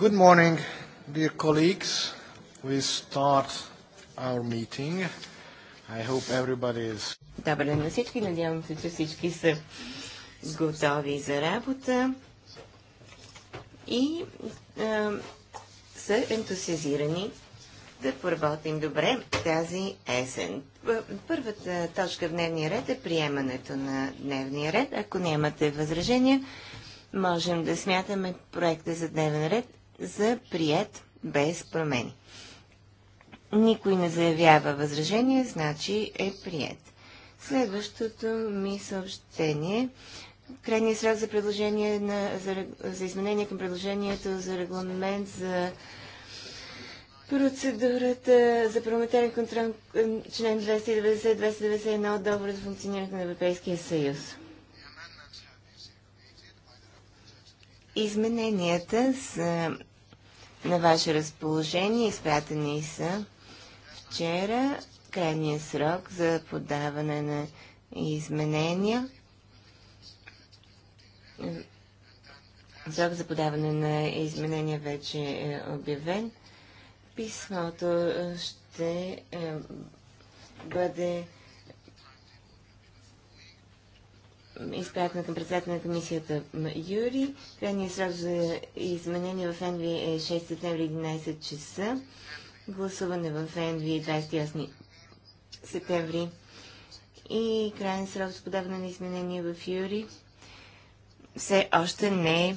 Good morning, dear colleagues. We start our meeting. I hope everybody is... Добър ден на всички. Надявам се, че всички са готови за работа и са ентусиазирани да поработим добре тази есен. Първата точка в дневния ред е приемането на дневния ред. Ако нямате възражения, можем да смятаме проекта за дневен ред за прият без промени. Никой не заявява възражение, значи е прият. Следващото ми съобщение. Крайният срок за, предложение на, за, за изменение към предложението за регламент за Процедурата за парламентарен контрол член 290-291 от договора за функционирането на Европейския съюз. Измененията са на ваше разположение. Изпратени са вчера крайния срок за подаване на изменения. Срок за подаване на изменения вече е обявен. Писмото ще е, бъде изпратена към председателя на комисията Юри. Крайният срок за изменение в НВ е 6 септември 11 часа. Гласуване в НВ е 28 септември. И крайен срок за подаване на изменения в Юри все още не е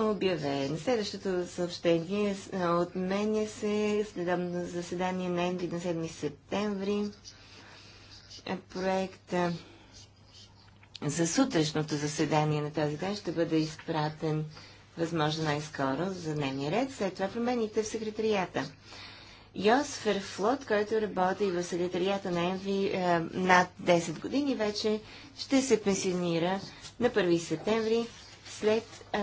обявен. Следващото съобщение отменя се следобно заседание на НВ на 7 септември. Проекта за сутрешното заседание на тази ден ще бъде изпратен възможно най-скоро за дневния ред. След това промените в секретарията. Йос Ферфлот, който работи в секретарията на ЕМВИ е, над 10 години, вече ще се пенсионира на 1 септември след е,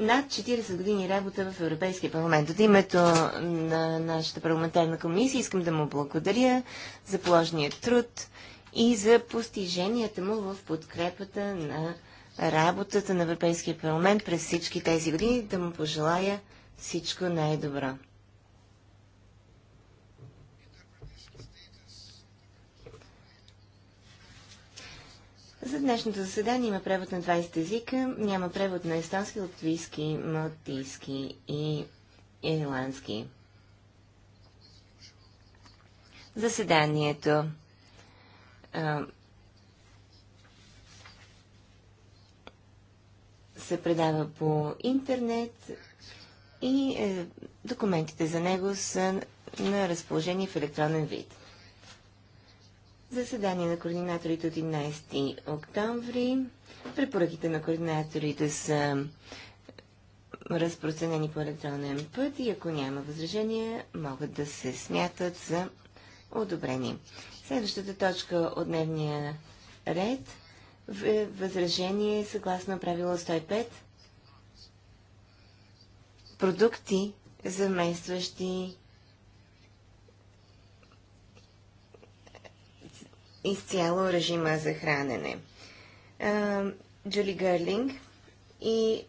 над 40 години работа в Европейския парламент. От името на нашата парламентарна комисия искам да му благодаря за положения труд и за постиженията му в подкрепата на работата на Европейския парламент през всички тези години. Да му пожелая всичко най-добро. За днешното заседание има превод на 20 езика, няма превод на естонски, латвийски, малтийски и ирландски. Заседанието е, се предава по интернет и е, документите за него са на разположение в електронен вид. Заседание на координаторите от 11 октомври. Препоръките на координаторите са разпространени по електронен път и ако няма възражения, могат да се смятат за одобрени. Следващата точка от дневния ред е възражение съгласно правило 105 продукти, заместващи е, изцяло режима за хранене. Джули Гърлинг и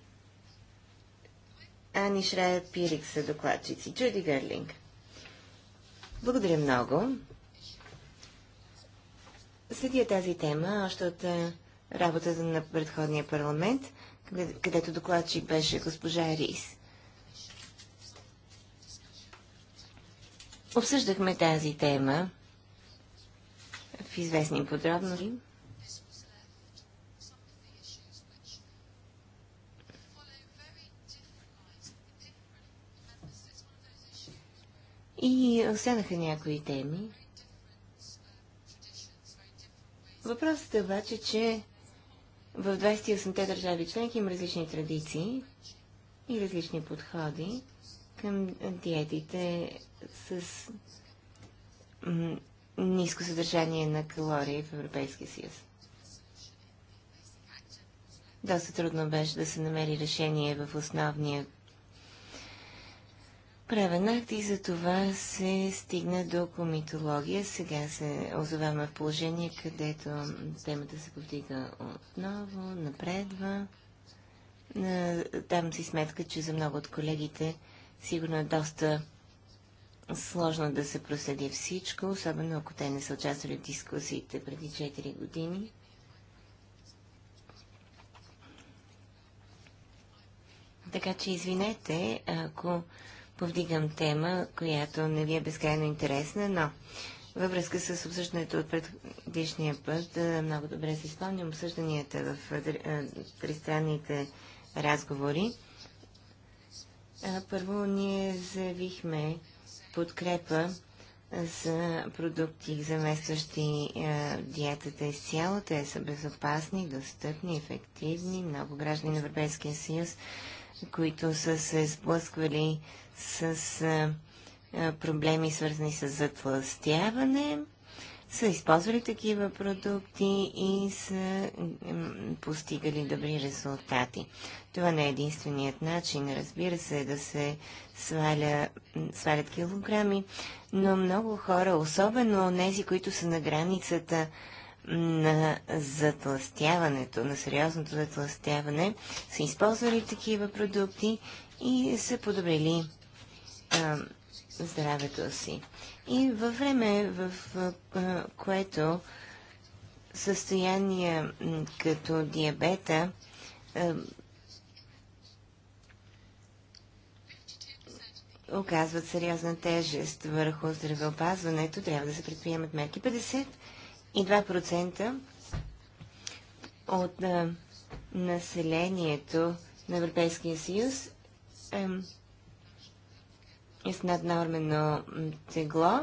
Ани Шрая Пирик са докладчици. Джуди Гърлинг. Благодаря много. Следя тази тема още от е, работата на предходния парламент, където докладчик беше госпожа Рис. Обсъждахме тази тема в известни подробности. И останаха някои теми, Въпросът е обаче, че в 28-те държави членки има различни традиции и различни подходи към диетите с ниско съдържание на калории в Европейския съюз. Доста трудно беше да се намери решение в основния правен акт и за това се стигна до комитология. Сега се озоваваме в положение, където темата се повдига отново, напредва. Давам си сметка, че за много от колегите сигурно е доста сложно да се проследи всичко, особено ако те не са участвали в дискусиите преди 4 години. Така че извинете, ако повдигам тема, която не ви е безкрайно интересна, но във връзка с обсъждането от предишния път, много добре си спомням обсъжданията в тристранните разговори. Първо ние заявихме подкрепа за продукти, заместващи диетата изцяло. Те са безопасни, достъпни, ефективни. Много граждани на Европейския съюз, които са се сблъсквали с проблеми, свързани с затластяване, са използвали такива продукти и са постигали добри резултати. Това не е единственият начин, разбира се, да се сваля, свалят килограми, но много хора, особено тези, които са на границата на затластяването, на сериозното затластяване, са използвали такива продукти и са подобрили здравето си. И във време, в а, което състояние като диабета оказват сериозна тежест върху здравеопазването, трябва да се предприемат мерки. 52% от а, населението на Европейския съюз е, и с наднормено тегло.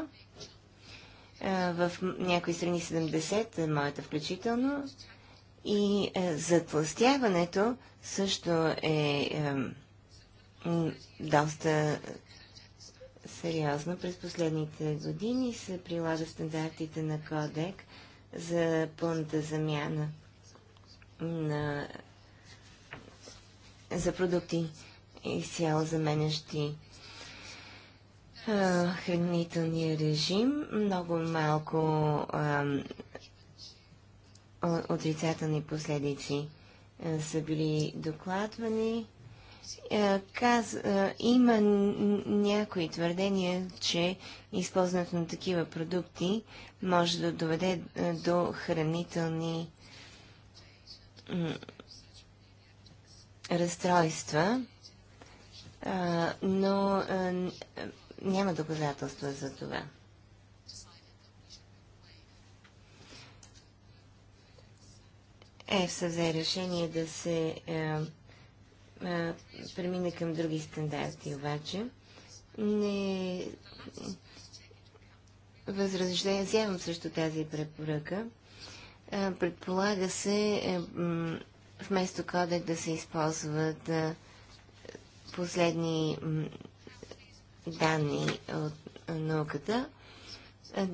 В някои страни 70, е, моята включително. И е, затластяването също е, е доста сериозно. През последните години се прилага стандартите на Кодек за пълната замяна на, за продукти изцяло заменящи хранителния режим, много малко а, отрицателни последици а, са били докладвани. А, каз, има някои твърдения, че използването на такива продукти може да доведе до хранителни разстройства, но няма доказателства за това. ЕФСА взе решение да се е, е, премине към други стандарти, обаче не възразявам срещу тази препоръка. Е, предполага се е, вместо кодек да се използват е, последни данни от науката. Е,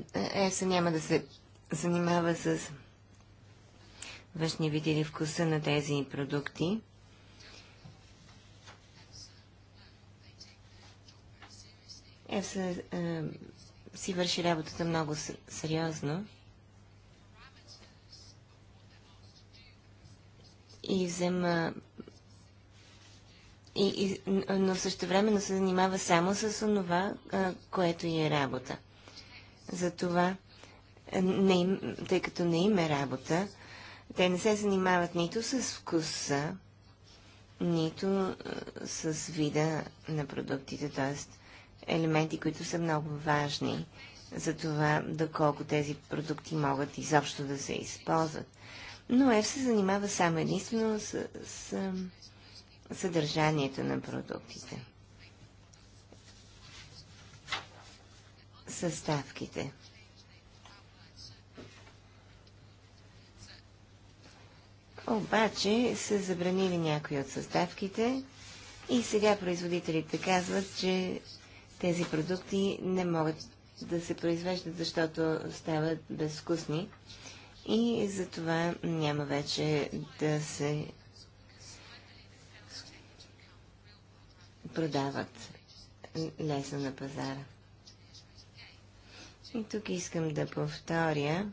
ЕСА няма да се занимава с външния вид или вкуса на тези продукти. ЕФСА е, си върши работата много сериозно. И взема и, и, но време се занимава само с това, което й е работа. Затова, е, не, тъй като не им е работа, те не се занимават нито с вкуса, нито е, с вида на продуктите, т.е. елементи, които са много важни за това, доколко тези продукти могат изобщо да се използват. Но Ев се занимава само единствено с, с съдържанието на продуктите. Съставките. Обаче са забранили някои от съставките и сега производителите казват, че тези продукти не могат да се произвеждат, защото стават безвкусни и затова няма вече да се продават лесно на пазара. И тук искам да повторя,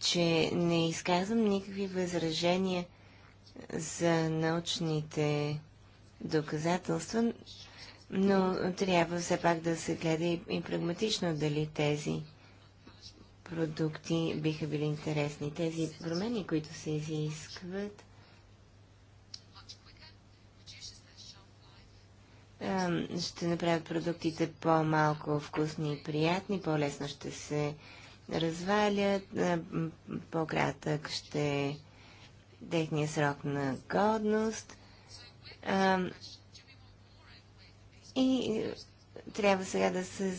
че не изказвам никакви възражения за научните доказателства, но трябва все пак да се гледа и, и прагматично дали тези продукти биха били интересни. Тези промени, които се изискват, ще направят продуктите по-малко вкусни и приятни, по-лесно ще се развалят, по-кратък ще е техния срок на годност. И е, трябва сега да се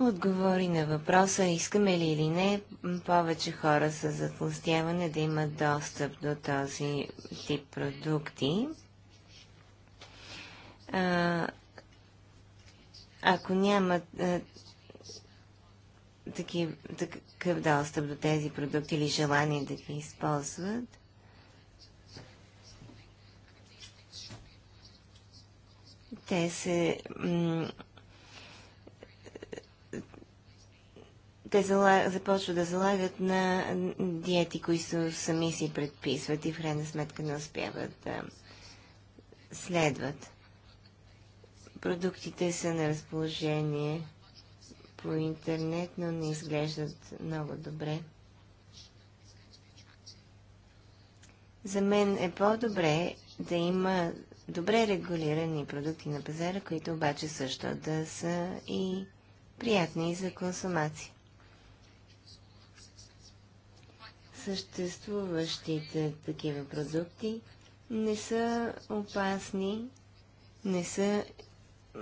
отговори на въпроса, искаме ли или не повече хора с затластяване да имат достъп до този тип продукти. А, ако нямат такъв достъп до тези продукти или желание да ги използват, те се те започват да залагат на диети, които сами си предписват и в крайна сметка не успяват да следват. Продуктите са на разположение по интернет, но не изглеждат много добре. За мен е по-добре да има добре регулирани продукти на пазара, които обаче също да са и приятни за консумация. Съществуващите такива продукти не са опасни, не са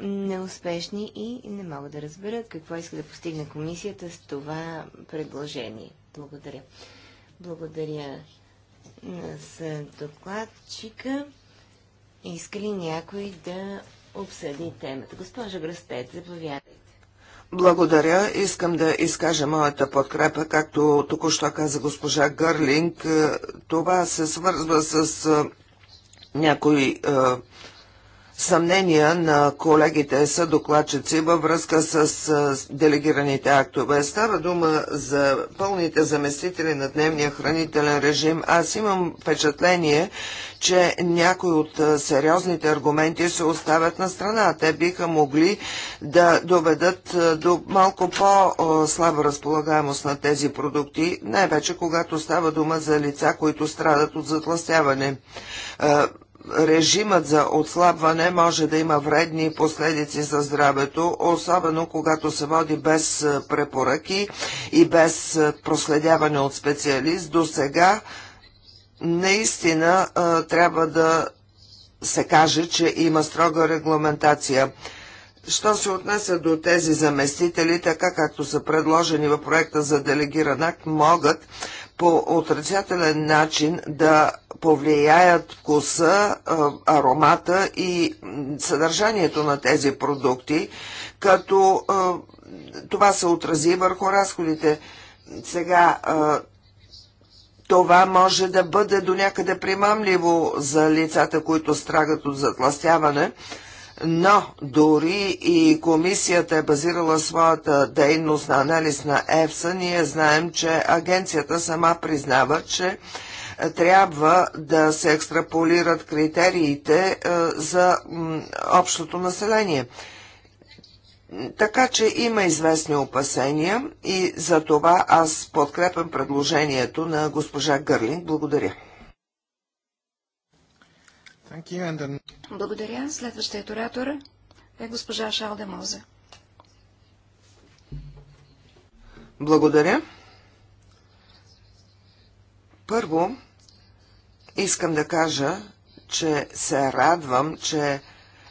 неуспешни и не мога да разбера какво иска да постигне комисията с това предложение. Благодаря. Благодаря с докладчика. Иска ли някой да обсъди темата? Госпожа Грастет, заповядайте. Благодаря. Искам да изкажа моята подкрепа, както току-що каза госпожа Гърлинг. Това се свързва с някои съмнения на колегите са докладчици във връзка с делегираните актове. Става дума за пълните заместители на дневния хранителен режим. Аз имам впечатление, че някои от сериозните аргументи се оставят на страна. Те биха могли да доведат до малко по-слаба разполагаемост на тези продукти, най-вече когато става дума за лица, които страдат от затластяване режимът за отслабване може да има вредни последици за здравето, особено когато се води без препоръки и без проследяване от специалист. До сега наистина трябва да се каже, че има строга регламентация. Що се отнесе до тези заместители, така както са предложени в проекта за делегиран акт, могат по отрицателен начин да повлияят вкуса, аромата и съдържанието на тези продукти, като това се отрази върху разходите. Сега това може да бъде до някъде примамливо за лицата, които страгат от затластяване, но дори и комисията е базирала своята дейност на анализ на ЕФСА, ние знаем, че агенцията сама признава, че е, трябва да се екстраполират критериите е, за общото население. Така че има известни опасения и за това аз подкрепям предложението на госпожа Гърлинг. Благодаря. Then... Благодаря. Следващият оратор е госпожа Шалде Мозе. Благодаря. Първо, искам да кажа, че се радвам, че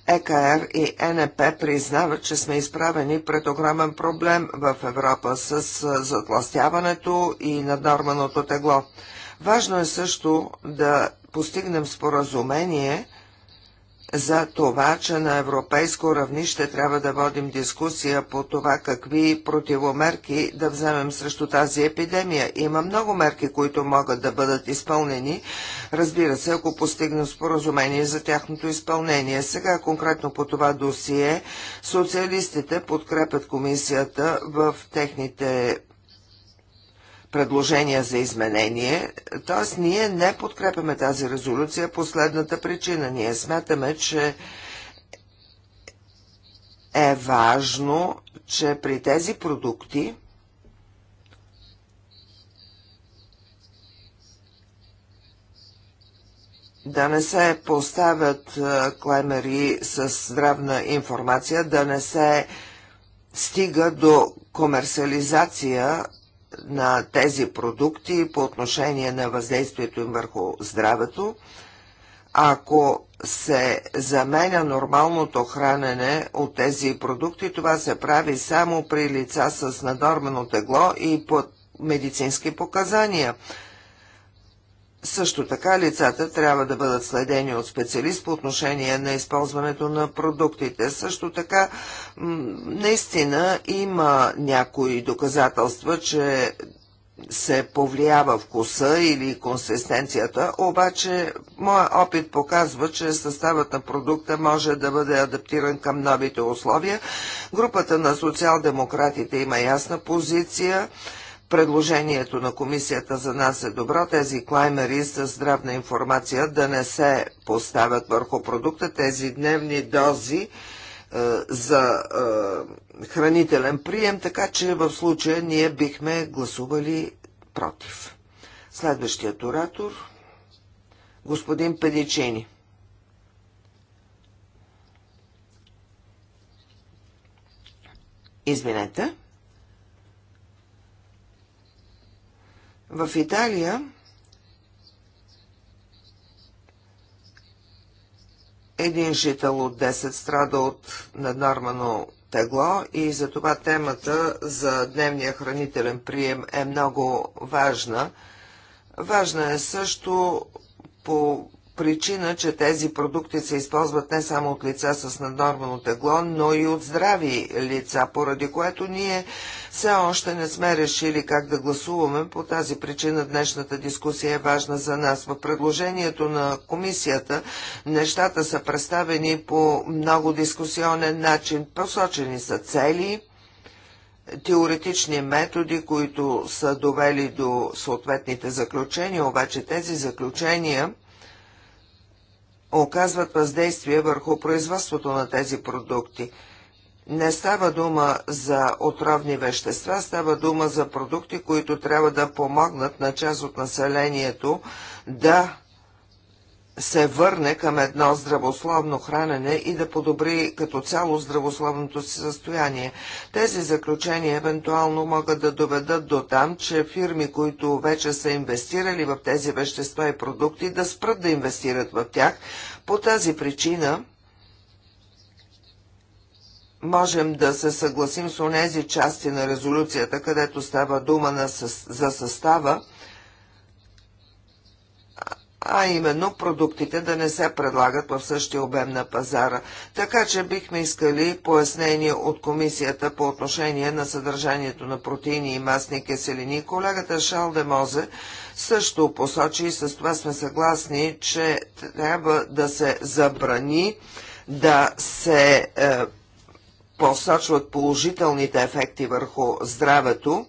ЕКР и е НП признават, че сме изправени пред огромен проблем в Европа с затластяването и наднорманото тегло. Важно е също да постигнем споразумение за това, че на европейско равнище трябва да водим дискусия по това какви противомерки да вземем срещу тази епидемия. Има много мерки, които могат да бъдат изпълнени, разбира се, ако постигнем споразумение за тяхното изпълнение. Сега конкретно по това досие социалистите подкрепят комисията в техните предложения за изменение, т.е. ние не подкрепяме тази резолюция по следната причина. Ние смятаме, че е важно, че при тези продукти да не се поставят клемери с здравна информация, да не се стига до комерциализация на тези продукти по отношение на въздействието им върху здравето, ако се заменя нормалното хранене от тези продукти, това се прави само при лица с надормено тегло и под медицински показания – също така лицата трябва да бъдат следени от специалист по отношение на използването на продуктите. Също така наистина има някои доказателства, че се повлиява вкуса или консистенцията, обаче моят опит показва, че съставът на продукта може да бъде адаптиран към новите условия. Групата на социал-демократите има ясна позиция Предложението на комисията за нас е добро. Тези клаймери с здравна информация да не се поставят върху продукта. Тези дневни дози е, за е, хранителен прием, така че в случая ние бихме гласували против. Следващият оратор – господин Педичини. Извинете. В Италия един жител от 10 страда от наднормано тегло и затова темата за дневния хранителен прием е много важна. Важна е също по причина, че тези продукти се използват не само от лица с наднормално тегло, но и от здрави лица, поради което ние все още не сме решили как да гласуваме. По тази причина днешната дискусия е важна за нас. В предложението на комисията нещата са представени по много дискусионен начин. Посочени са цели, теоретични методи, които са довели до съответните заключения, обаче тези заключения оказват въздействие върху производството на тези продукти. Не става дума за отровни вещества, става дума за продукти, които трябва да помогнат на част от населението да се върне към едно здравословно хранене и да подобри като цяло здравословното си състояние. Тези заключения евентуално могат да доведат до там, че фирми, които вече са инвестирали в тези вещества и продукти, да спрат да инвестират в тях. По тази причина можем да се съгласим с онези части на резолюцията, където става дума на за състава, а именно продуктите да не се предлагат в същия обем на пазара. Така че бихме искали пояснение от комисията по отношение на съдържанието на протеини и масни киселини. Колегата Шалде Мозе също посочи и с това сме съгласни, че трябва да се забрани да се е, посочват положителните ефекти върху здравето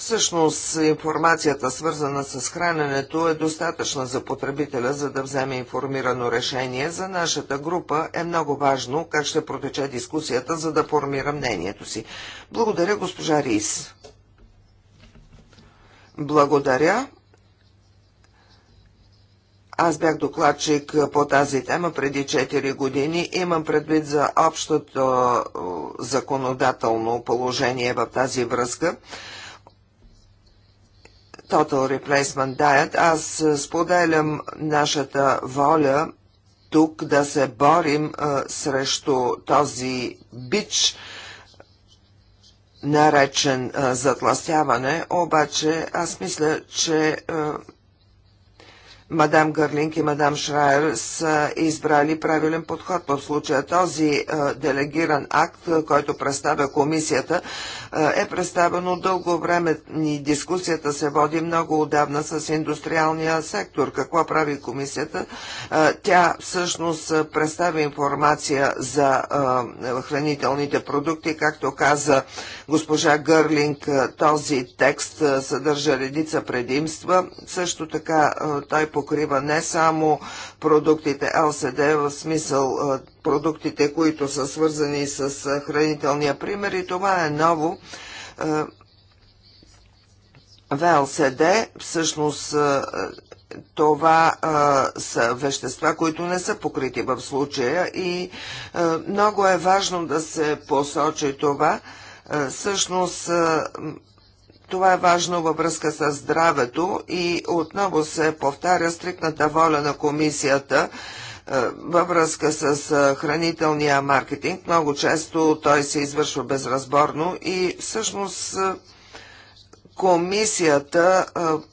Всъщност информацията, свързана с храненето, е достатъчна за потребителя, за да вземе информирано решение. За нашата група е много важно как ще протече дискусията, за да формира мнението си. Благодаря, госпожа Рис. Благодаря. Аз бях докладчик по тази тема преди 4 години. Имам предвид за общото законодателно положение в тази връзка. Total Replacement Diet, аз е, споделям нашата воля тук да се борим а, е, срещу този бич, наречен а, е, затластяване, обаче аз мисля, че а, мадам Гърлинг и мадам Шрайер са избрали правилен подход в случая. Този е, делегиран акт, е, който представя комисията, е, е представено дълго време и дискусията се води много отдавна с индустриалния сектор. Какво прави комисията? Тя всъщност представи информация за хранителните продукти. Както каза госпожа Гърлинг, този текст съдържа редица предимства. Също така той по покрива не само продуктите ЛСД в смисъл продуктите, които са свързани с хранителния пример и това е ново. ВЛСД всъщност това а, са вещества, които не са покрити в случая и а, много е важно да се посочи това. А, всъщност а, това е важно във връзка с здравето и отново се повтаря стрикната воля на комисията е, във връзка с е, хранителния маркетинг. Много често той се извършва безразборно и всъщност е, комисията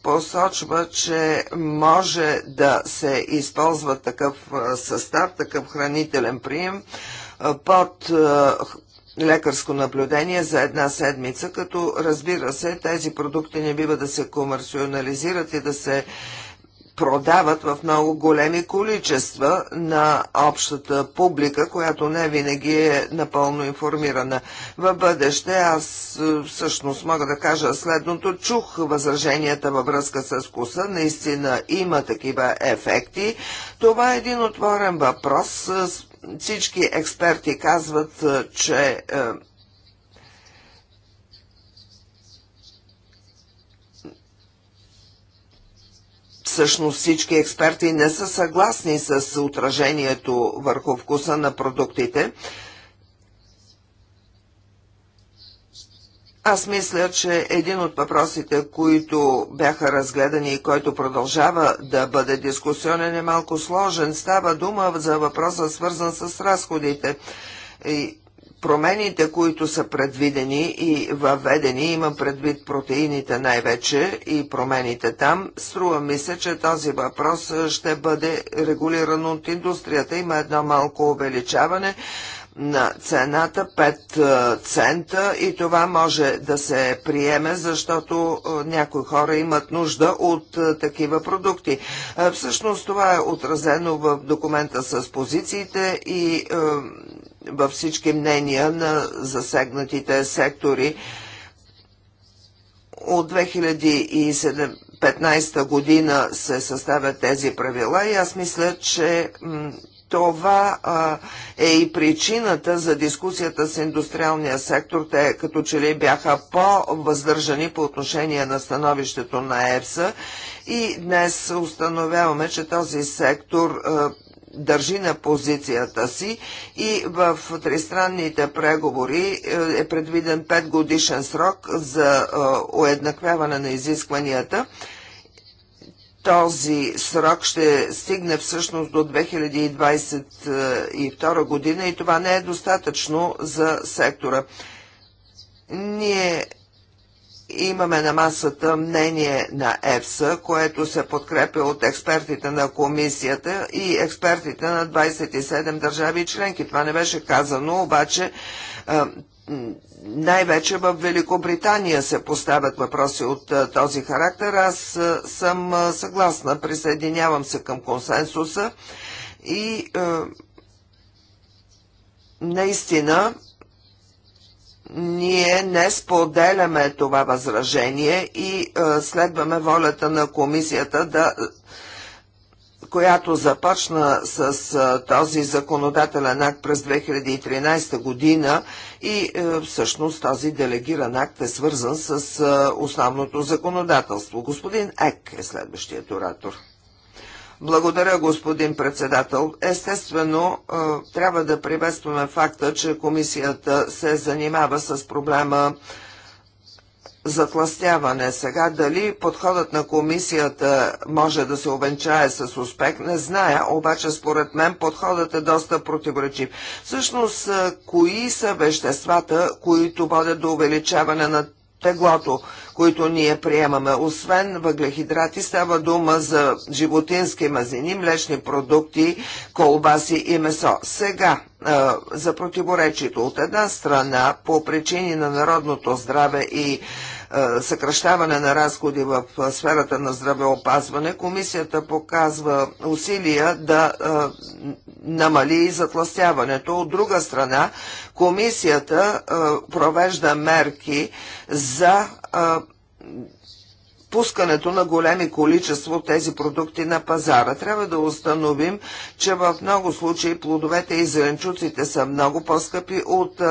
посочва, че може да се използва такъв състав, такъв хранителен прием под лекарско наблюдение за една седмица, като разбира се, тези продукти не бива да се комерциализират и да се продават в много големи количества на общата публика, която не винаги е напълно информирана. В бъдеще аз е, всъщност мога да кажа следното. Чух възраженията във връзка с вкуса. Наистина има такива ефекти. Това е един отворен въпрос, е, всички експерти казват, е, че е, Всъщност всички експерти не са съгласни с отражението върху вкуса на продуктите. Аз мисля, че един от въпросите, които бяха разгледани и който продължава да бъде дискусионен е малко сложен. Става дума за въпроса свързан с разходите. И промените, които са предвидени и въведени, имам предвид протеините най-вече и промените там, струва ми се, че този въпрос ще бъде регулиран от индустрията. Има едно малко увеличаване на цената 5 е, цента и това може да се приеме, защото е, някои хора имат нужда от е, такива продукти. Всъщност това е отразено в документа с позициите и във всички мнения на засегнатите сектори от 2015 година се съставят тези правила и аз мисля, че това а, е и причината за дискусията с индустриалния сектор. Те като че ли бяха по-въздържани по отношение на становището на ЕПСА и днес установяваме, че този сектор а, държи на позицията си и в тристранните преговори е предвиден 5 годишен срок за уеднаквяване на изискванията този срок ще стигне всъщност до 2022 година и това не е достатъчно за сектора. Ние имаме на масата мнение на ЕФСА, което се подкрепя от експертите на комисията и експертите на 27 държави и членки. Това не беше казано, обаче най-вече в Великобритания се поставят въпроси от този характер. Аз съм съгласна, присъединявам се към консенсуса и е, наистина ние не споделяме това възражение и е, следваме волята на комисията да която започна с този законодателен акт през 2013 година и е, всъщност този делегиран акт е свързан с основното законодателство. Господин Ек е следващият оратор. Благодаря, господин председател. Естествено, е, трябва да приветстваме факта, че комисията се занимава с проблема затластяване. Сега дали подходът на комисията може да се овенчае с успех, не зная, обаче според мен подходът е доста противоречив. Всъщност, е, кои са веществата, които водят до увеличаване на теглото, които ние приемаме. Освен въглехидрати става дума за животински мазини, млечни продукти, колбаси и месо. Сега е, за противоречието от една страна по причини на народното здраве и е, съкръщаване на разходи в е, сферата на здравеопазване, комисията показва усилия да е, намали затластяването. От друга страна, комисията провежда мерки за пускането на големи количество тези продукти на пазара. Трябва да установим, че в много случаи плодовете и зеленчуците са много по-скъпи от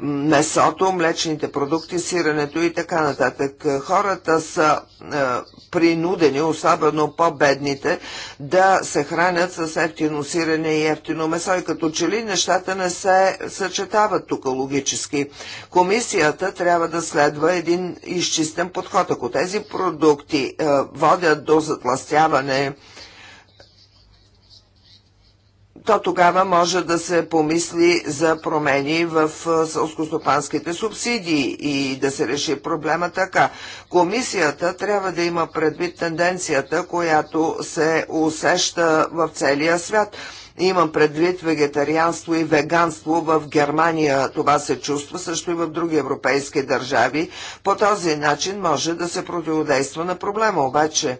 месото, млечните продукти, сирането и така нататък. Хората са принудени, особено по-бедните, да се хранят с ефтино сирене и ефтино месо. И като че ли нещата не се съчетават тук логически. Комисията трябва да следва един изчистен подход. Ако тези продукти продукти е, водят до затластяване, то тогава може да се помисли за промени в е, сълскостопанските субсидии и да се реши проблема така. Комисията трябва да има предвид тенденцията, която се усеща в целия свят – Имам предвид вегетарианство и веганство в Германия. Това се чувства също и в други европейски държави. По този начин може да се противодейства на проблема. Обаче,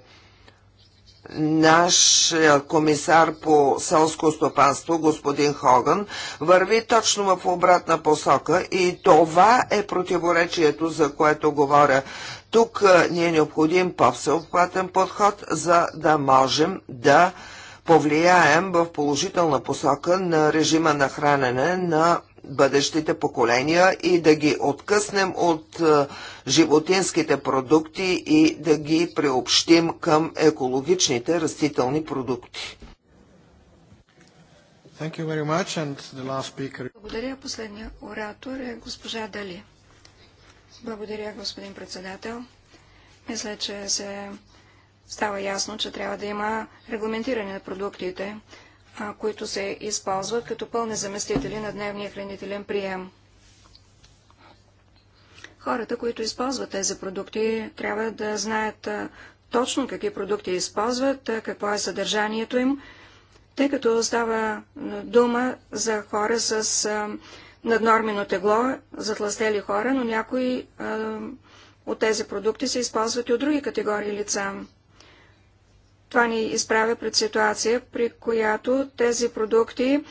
наш е, комисар по селско стопанство, господин Хоган, върви точно в обратна посока и това е противоречието, за което говоря. Тук е, ни е необходим по-всеобхватен подход, за да можем да повлияем в положителна посока на режима на хранене на бъдещите поколения и да ги откъснем от е, животинските продукти и да ги приобщим към екологичните растителни продукти. Благодаря. Последния оратор е госпожа Дали. Благодаря, господин председател. Мисля, че се става ясно, че трябва да има регламентиране на продуктите, които се използват като пълни заместители на дневния хранителен прием. Хората, които използват тези продукти, трябва да знаят точно какви продукти използват, какво е съдържанието им, тъй като става дума за хора с наднормено тегло, затластели хора, но някои от тези продукти се използват и от други категории лица. Това ни изправя пред ситуация, при която тези продукти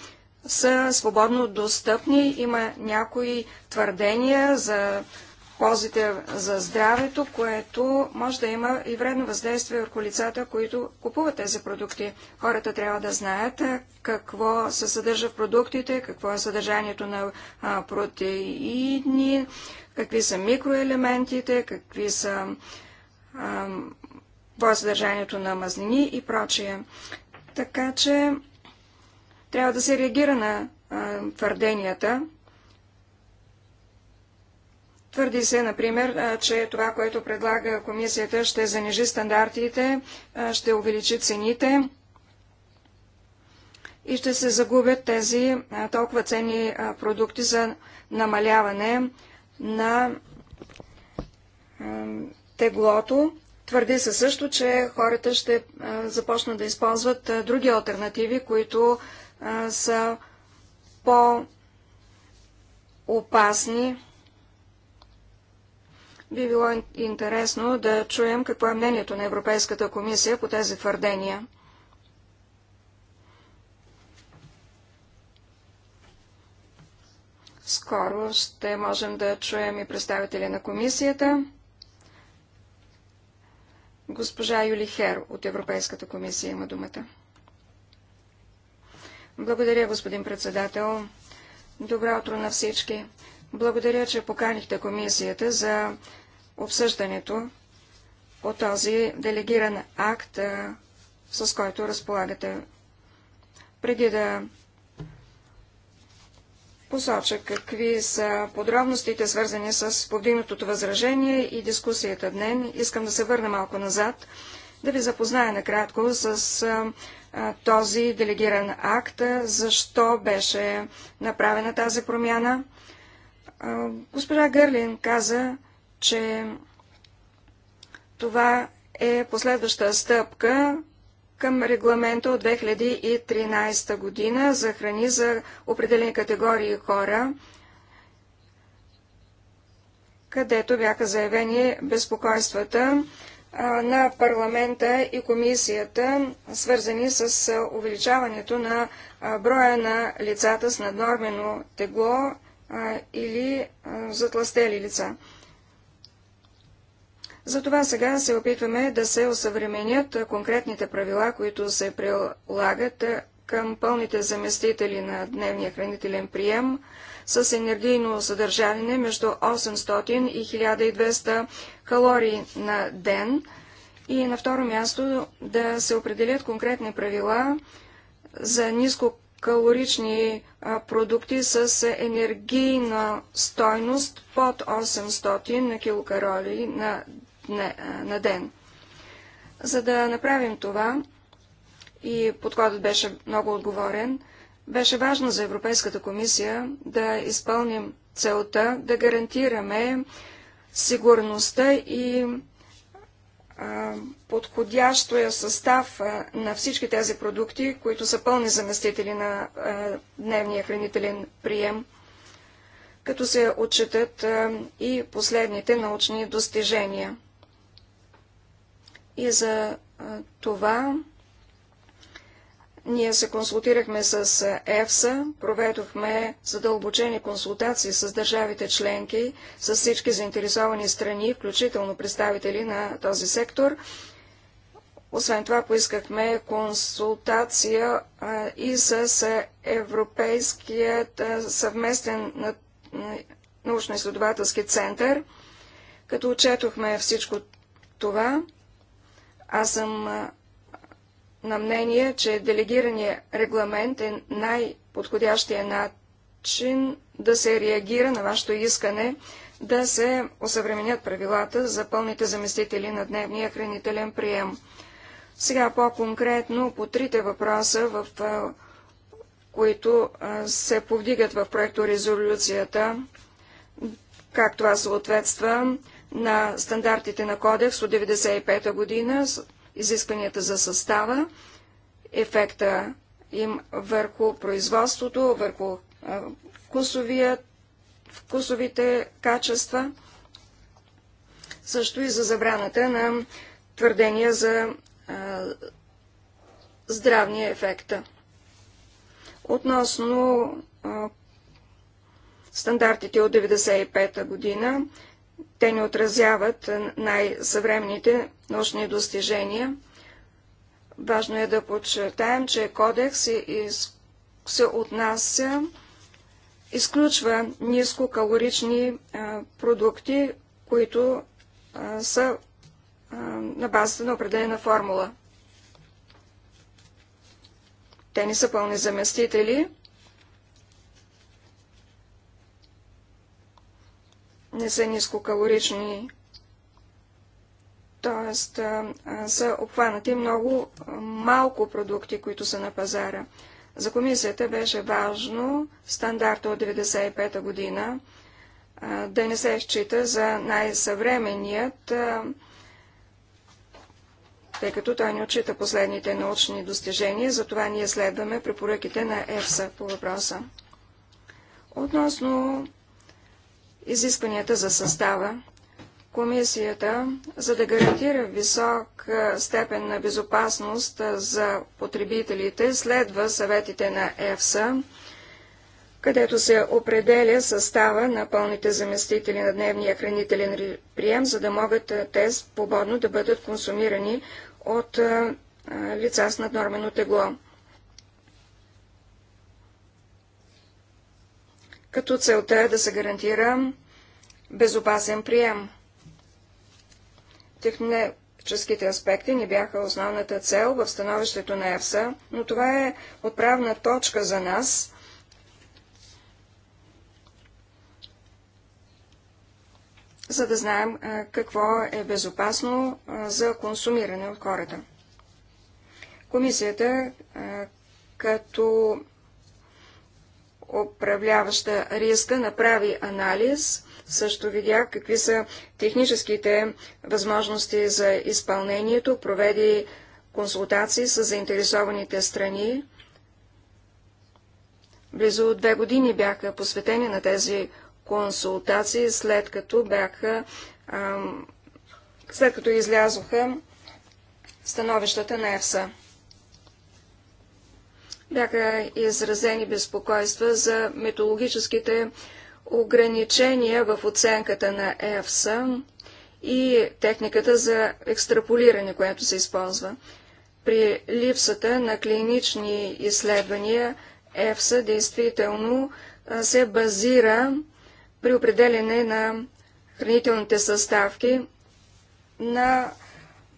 са свободно достъпни. Има някои твърдения за ползите за здравето, което може да има и вредно въздействие върху лицата, които купуват тези продукти. Хората трябва да знаят какво се съдържа в продуктите, какво е съдържанието на протеини, какви са микроелементите, какви са бой съдържанието на мазнини и прочие. Така че трябва да се реагира на а, твърденията. Твърди се, например, а, че това, което предлага комисията, ще занижи стандартите, а, ще увеличи цените и ще се загубят тези а, толкова ценни а, продукти за намаляване на а, теглото. Твърди се също, че хората ще започнат да използват други альтернативи, които са по-опасни. Би било интересно да чуем какво е мнението на Европейската комисия по тези твърдения. Скоро ще можем да чуем и представители на комисията. Госпожа Юли Хер от Европейската комисия има думата. Благодаря, господин председател. Добро утро на всички. Благодаря, че поканихте комисията за обсъждането по този делегиран акт, с който разполагате. Преди да посоча какви са подробностите, свързани с повдигнатото възражение и дискусията днес. Искам да се върна малко назад, да ви запозная накратко с а, този делегиран акт, защо беше направена тази промяна. А, госпожа Гърлин каза, че това е последваща стъпка към регламента от 2013 година за храни за определени категории хора, където бяха заявени безпокойствата на парламента и комисията, свързани с увеличаването на броя на лицата с наднормено тегло или затластели лица. Затова сега се опитваме да се осъвременят конкретните правила, които се прилагат към пълните заместители на дневния хранителен прием с енергийно съдържание между 800 и 1200 калории на ден. И на второ място да се определят конкретни правила за нискокалорични продукти с енергийна стойност под 800 на килокалории на на ден. За да направим това, и подходът беше много отговорен, беше важно за Европейската комисия да изпълним целта да гарантираме сигурността и подходящия състав на всички тези продукти, които са пълни заместители на дневния хранителен прием, като се отчитат и последните научни достижения. И за това ние се консултирахме с ЕФСА, проведохме задълбочени консултации с държавите членки, с всички заинтересовани страни, включително представители на този сектор. Освен това поискахме консултация и с Европейският съвместен научно-изследователски център, като отчетохме всичко това. Аз съм на мнение, че делегирания регламент е най-подходящия начин да се реагира на вашето искане да се осъвременят правилата за пълните заместители на дневния хранителен прием. Сега по-конкретно по трите въпроса, в които се повдигат в проекто резолюцията, как това съответства на стандартите на кодекс от 1995 година, изискванията за състава, ефекта им върху производството, върху вкусовия, вкусовите качества, също и за забраната на твърдения за а, здравния ефект. Относно а, стандартите от 1995 година, те не отразяват най-съвременните научни достижения. Важно е да подчертаем, че кодекс се отнася, изключва нискокалорични продукти, които са на базата на определена формула. Те не са пълни заместители, не са нискокалорични, т.е. са обхванати много малко продукти, които са на пазара. За комисията беше важно стандарта от 1995 година да не се счита за най-съвременният, тъй като той не отчита последните научни достижения, затова ние следваме препоръките на ЕФСА по въпроса. Относно изискванията за състава, комисията, за да гарантира висок степен на безопасност за потребителите, следва съветите на ЕФСА, където се определя състава на пълните заместители на дневния хранителен прием, за да могат те свободно да бъдат консумирани от лица с наднормено тегло. като целта е да се гарантира безопасен прием. Техническите аспекти не бяха основната цел в становището на ЕФСА, но това е отправна точка за нас. за да знаем какво е безопасно за консумиране от хората. Комисията като управляваща риска направи анализ, също видя какви са техническите възможности за изпълнението, проведи консултации с заинтересованите страни. Близо две години бяха посветени на тези консултации, след като бяха, ам, след като излязоха становищата на ЕФСА. Бяха изразени безпокойства за метологическите ограничения в оценката на ЕФСА и техниката за екстраполиране, която се използва. При липсата на клинични изследвания ЕФСА действително се базира при определене на хранителните съставки на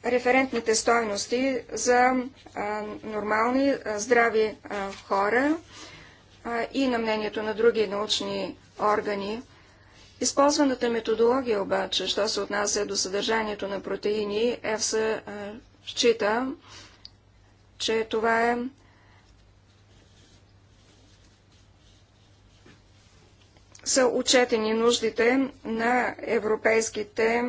референтните стойности за а, нормални, а, здрави а, хора и на мнението на други научни органи. Използваната методология обаче, що се отнася до съдържанието на протеини, ЕФСА счита, че това е са отчетени нуждите на европейските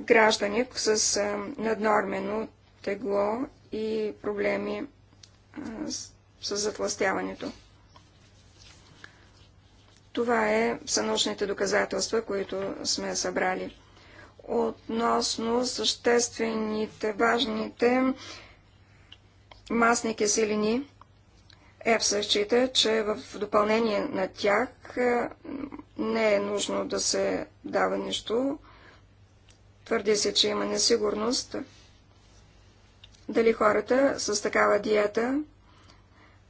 граждани с наднормено тегло и проблеми с, с затластяването. Това е, са научните доказателства, които сме събрали. Относно съществените, важните масни киселини, ЕФСА счита, че в допълнение на тях не е нужно да се дава нищо, Твърди се, че има несигурност. Дали хората с такава диета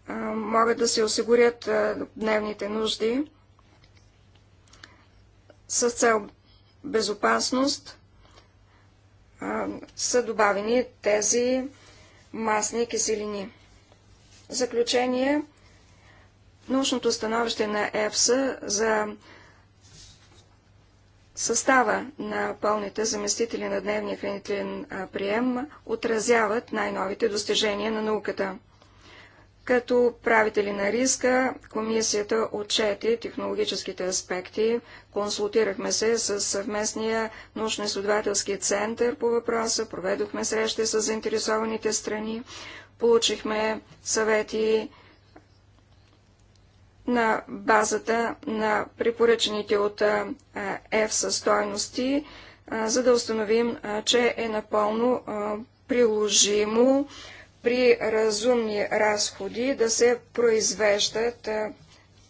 а, могат да се осигурят а, дневните нужди с цел безопасност а, са добавени тези масни киселини. В заключение, научното становище на ЕФСА за състава на пълните заместители на дневния хранителен прием отразяват най-новите достижения на науката. Като правители на риска, комисията отчете технологическите аспекти. Консултирахме се с съвместния научно-изследователски център по въпроса, проведохме срещи с заинтересованите страни, получихме съвети на базата на препоръчените от ЕФСА стоености, за да установим, че е напълно приложимо при разумни разходи да се произвеждат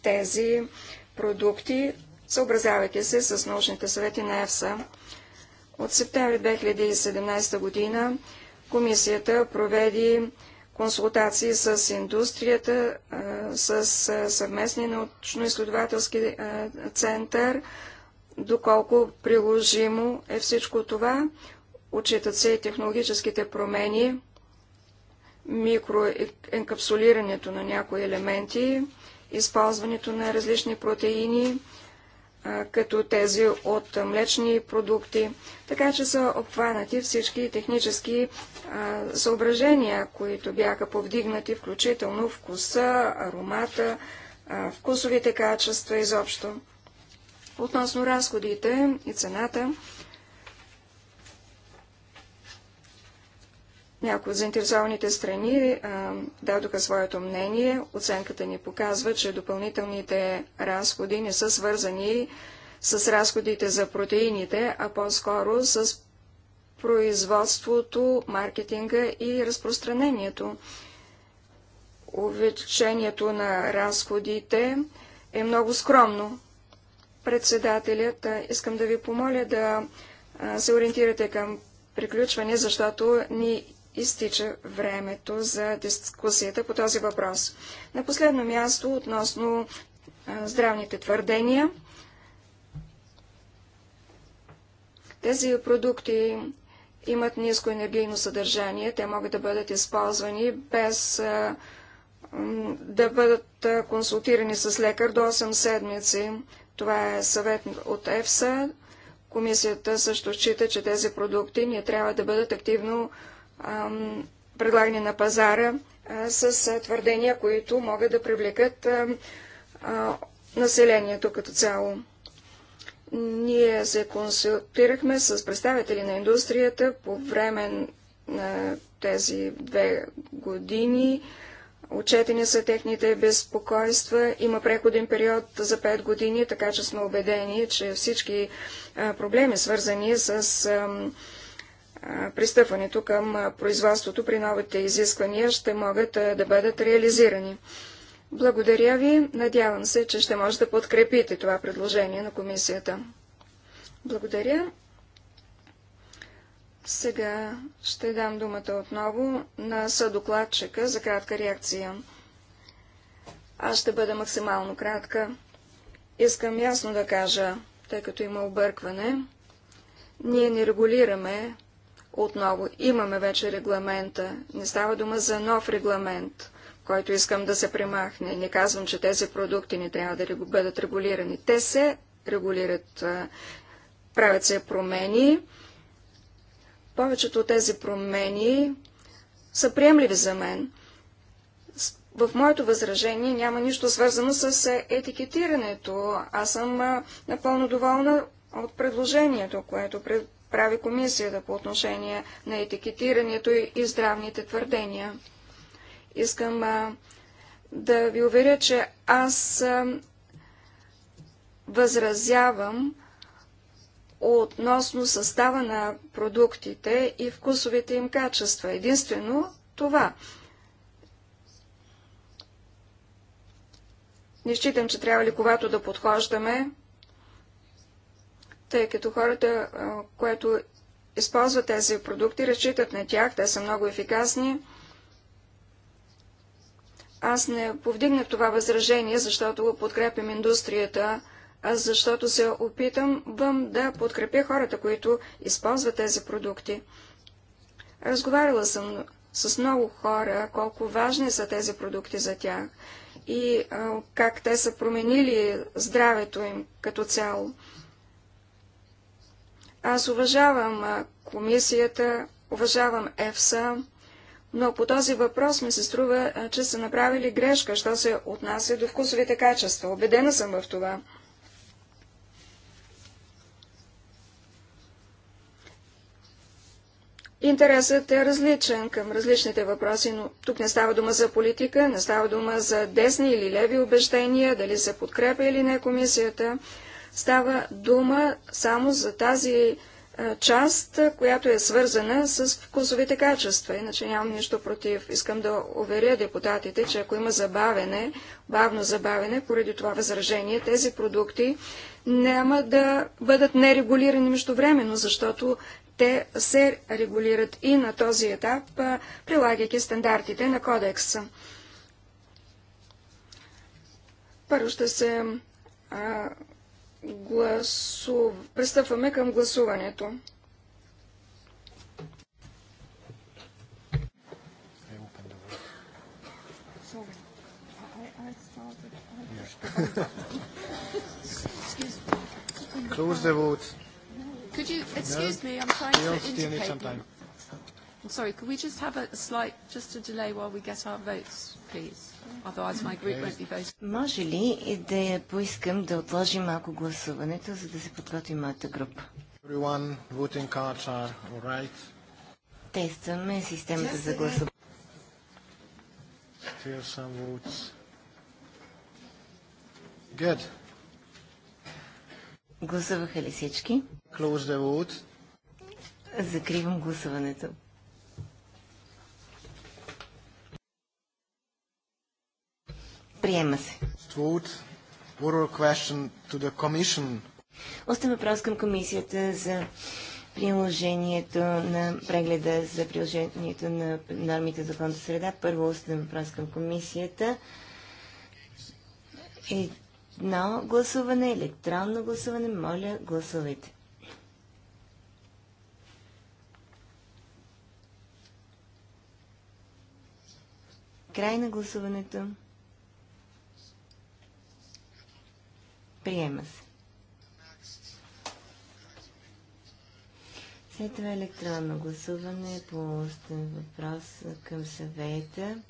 тези продукти, съобразявайки се с научните съвети на ЕФСА. От септември 2017 година комисията проведи консултации с индустрията, с съвместния научно-изследователски център, доколко приложимо е всичко това. Отчитат се и технологическите промени, микроенкапсулирането на някои елементи, използването на различни протеини, като тези от млечни продукти, така че са обхванати всички технически а, съображения, които бяха повдигнати, включително вкуса, аромата, а, вкусовите качества изобщо. Относно разходите и цената, Някои от заинтересованите страни а, дадоха своето мнение. Оценката ни показва, че допълнителните разходи не са свързани с разходите за протеините, а по-скоро с производството, маркетинга и разпространението. Увеличението на разходите е много скромно. Председателят, искам да ви помоля да се ориентирате към приключване, защото ни изтича времето за дискусията по този въпрос. На последно място, относно здравните твърдения, тези продукти имат ниско енергийно съдържание, те могат да бъдат използвани без да бъдат консултирани с лекар до 8 седмици. Това е съвет от ЕФСА. Комисията също счита, че тези продукти не трябва да бъдат активно предлагани на пазара с твърдения, които могат да привлекат населението като цяло. Ние се консултирахме с представители на индустрията по време на тези две години. Отчетени са техните безпокойства. Има преходен период за 5 години, така че сме убедени, че всички проблеми, свързани с пристъпването към производството при новите изисквания ще могат да бъдат реализирани. Благодаря ви. Надявам се, че ще може да подкрепите това предложение на комисията. Благодаря. Сега ще дам думата отново на съдокладчика за кратка реакция. Аз ще бъда максимално кратка. Искам ясно да кажа, тъй като има объркване, ние не регулираме отново имаме вече регламента. Не става дума за нов регламент, който искам да се премахне. Не казвам, че тези продукти не трябва да бъдат регулирани. Те се регулират. Правят се промени. Повечето от тези промени са приемливи за мен. В моето възражение няма нищо свързано с етикетирането. Аз съм напълно доволна от предложението, което пред прави комисията по отношение на етикетирането и здравните твърдения. Искам а, да ви уверя, че аз а, възразявам относно състава на продуктите и вкусовите им качества. Единствено това. Не считам, че трябва ли когато да подхождаме тъй като хората, които използват тези продукти, разчитат на тях, те са много ефикасни. Аз не повдигнах това възражение, защото подкрепям индустрията, а защото се опитам бъм да подкрепя хората, които използват тези продукти. Разговаряла съм с много хора, колко важни са тези продукти за тях и а, как те са променили здравето им като цяло. Аз уважавам комисията, уважавам ЕФСА, но по този въпрос ми се струва, че са направили грешка, що се отнася до вкусовите качества. Обедена съм в това. Интересът е различен към различните въпроси, но тук не става дума за политика, не става дума за десни или леви убеждения, дали се подкрепя или не комисията. Става дума само за тази част, която е свързана с вкусовите качества. Иначе нямам нищо против. Искам да уверя депутатите, че ако има забавене, бавно забавене, поради това възражение, тези продукти няма да бъдат нерегулирани междувременно, защото те се регулират и на този етап, прилагайки стандартите на кодекса. Първо ще се а, гласув... пристъпваме към гласуването. Close the vote. Could you excuse me? I'm trying to indicate. I'm sorry. Could we just have a slight, just a delay while we get our votes, please? Може ли да я поискам да отложим малко гласуването, за да се подготви моята група? Тестваме системата за гласуване. Гласуваха ли всички? Закривам гласуването. приема се. Остан въпрос към комисията за приложението на прегледа за приложението на нормите за фонда среда. Първо остан въпрос към комисията. Едно гласуване, електронно гласуване. Моля, гласувайте. Край на гласуването. Приема се. След това електронно гласуване по устен въпрос към съвета.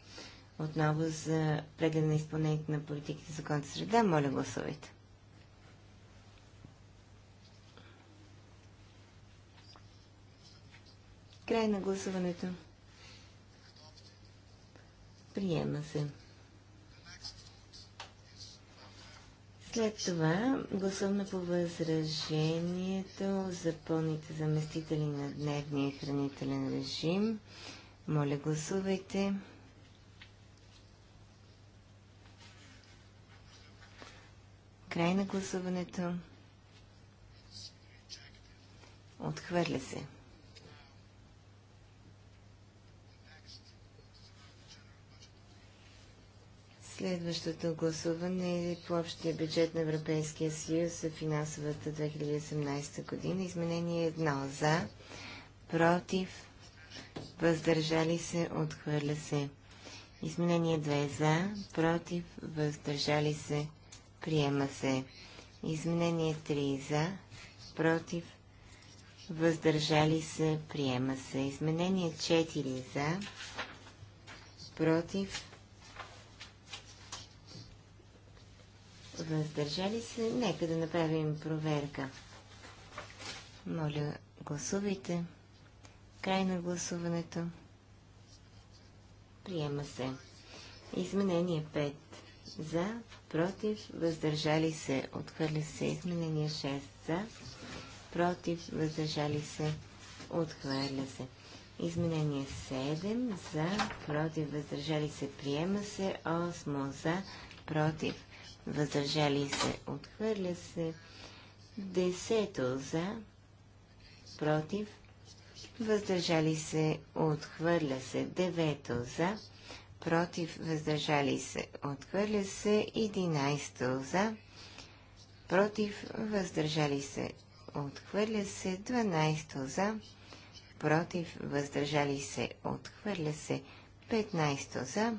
Отново за преглед на изпълнението на политиките за конца среда. Моля гласувайте. Край на гласуването. Приема се. След това гласуваме по възражението за пълните заместители на дневния хранителен режим. Моля, гласувайте. Край на гласуването. Отхвърля се. Следващото гласуване е по общия бюджет на Европейския съюз за финансовата 2018 година. Изменение 1 за, против, въздържали се, отхвърля се. Изменение 2 за, против, въздържали се, приема се. Изменение 3 за, против, въздържали се, приема се. Изменение 4 за, против, въздържали се. Нека да направим проверка. Моля, гласувайте. Край на гласуването. Приема се. Изменение 5. За, против, въздържали се. Отхвърля се. Изменение 6. За, против, въздържали се. Отхвърля се. Изменение 7. За, против, въздържали се. Приема се. 8. За, против, въздържали се, отхвърля се. Десето за, против, въздържали се, отхвърля се. Девето за, против, въздържали се, отхвърля се. Единайсто за, против, въздържали се, отхвърля се. Дванайсто за, против, въздържали се, отхвърля се. Петнайсто за,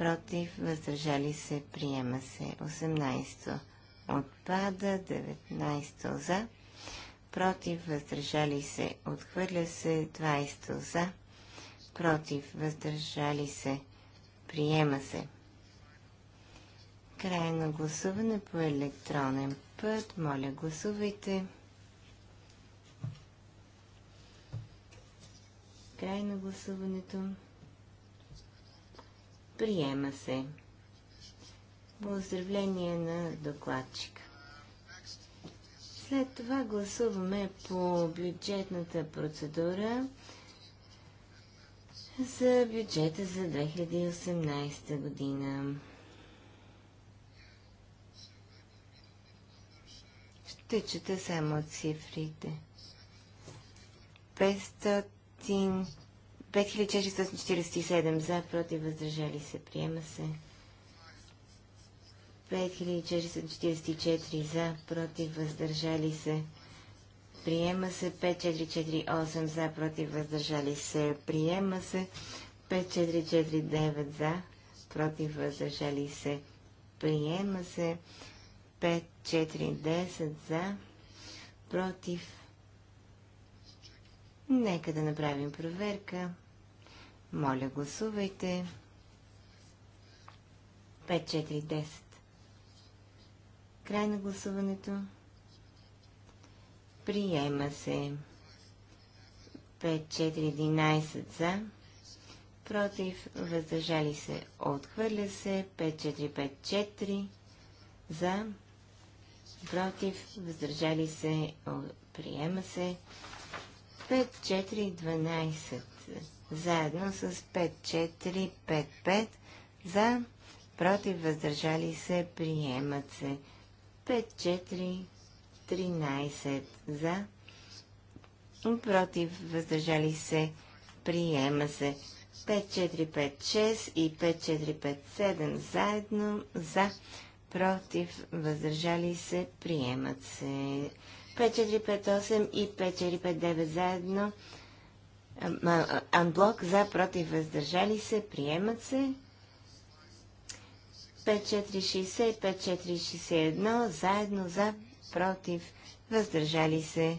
против, въздържали се, приема се. 18 отпада, 19 за, против, въздържали се, отхвърля се, 20 за, против, въздържали се, приема се. Край на гласуване по електронен път. Моля, гласувайте. Край на гласуването. Приема се. Поздравление на докладчика. След това гласуваме по бюджетната процедура за бюджета за 2018 година. Ще чета само цифрите. 500 5647 за, против, въздържали се, приема се. 5644 за, против, въздържали се. Приема се 5448 за, против, въздържали се. Приема се 5449 за, против, въздържали се. Приема се 5410 за, против, Нека да направим проверка. Моля, гласувайте. 5-4-10. Край на гласуването. Приема се. 5-4-11 за. Против. Въздържали се. Отхвърля се. 5-4-5-4 за. Против. Въздържали се. Приема се. 5412 заедно с 5455 за, против, въздържали се, приемат се. 5413 за, против, въздържали се, приема се. 5456 и 5457 заедно за, против, въздържали се, приемат се. 5458 и 5459 заедно. Анблок за, против, въздържали се, приемат се. 5460 и 5461 заедно за, против, въздържали се,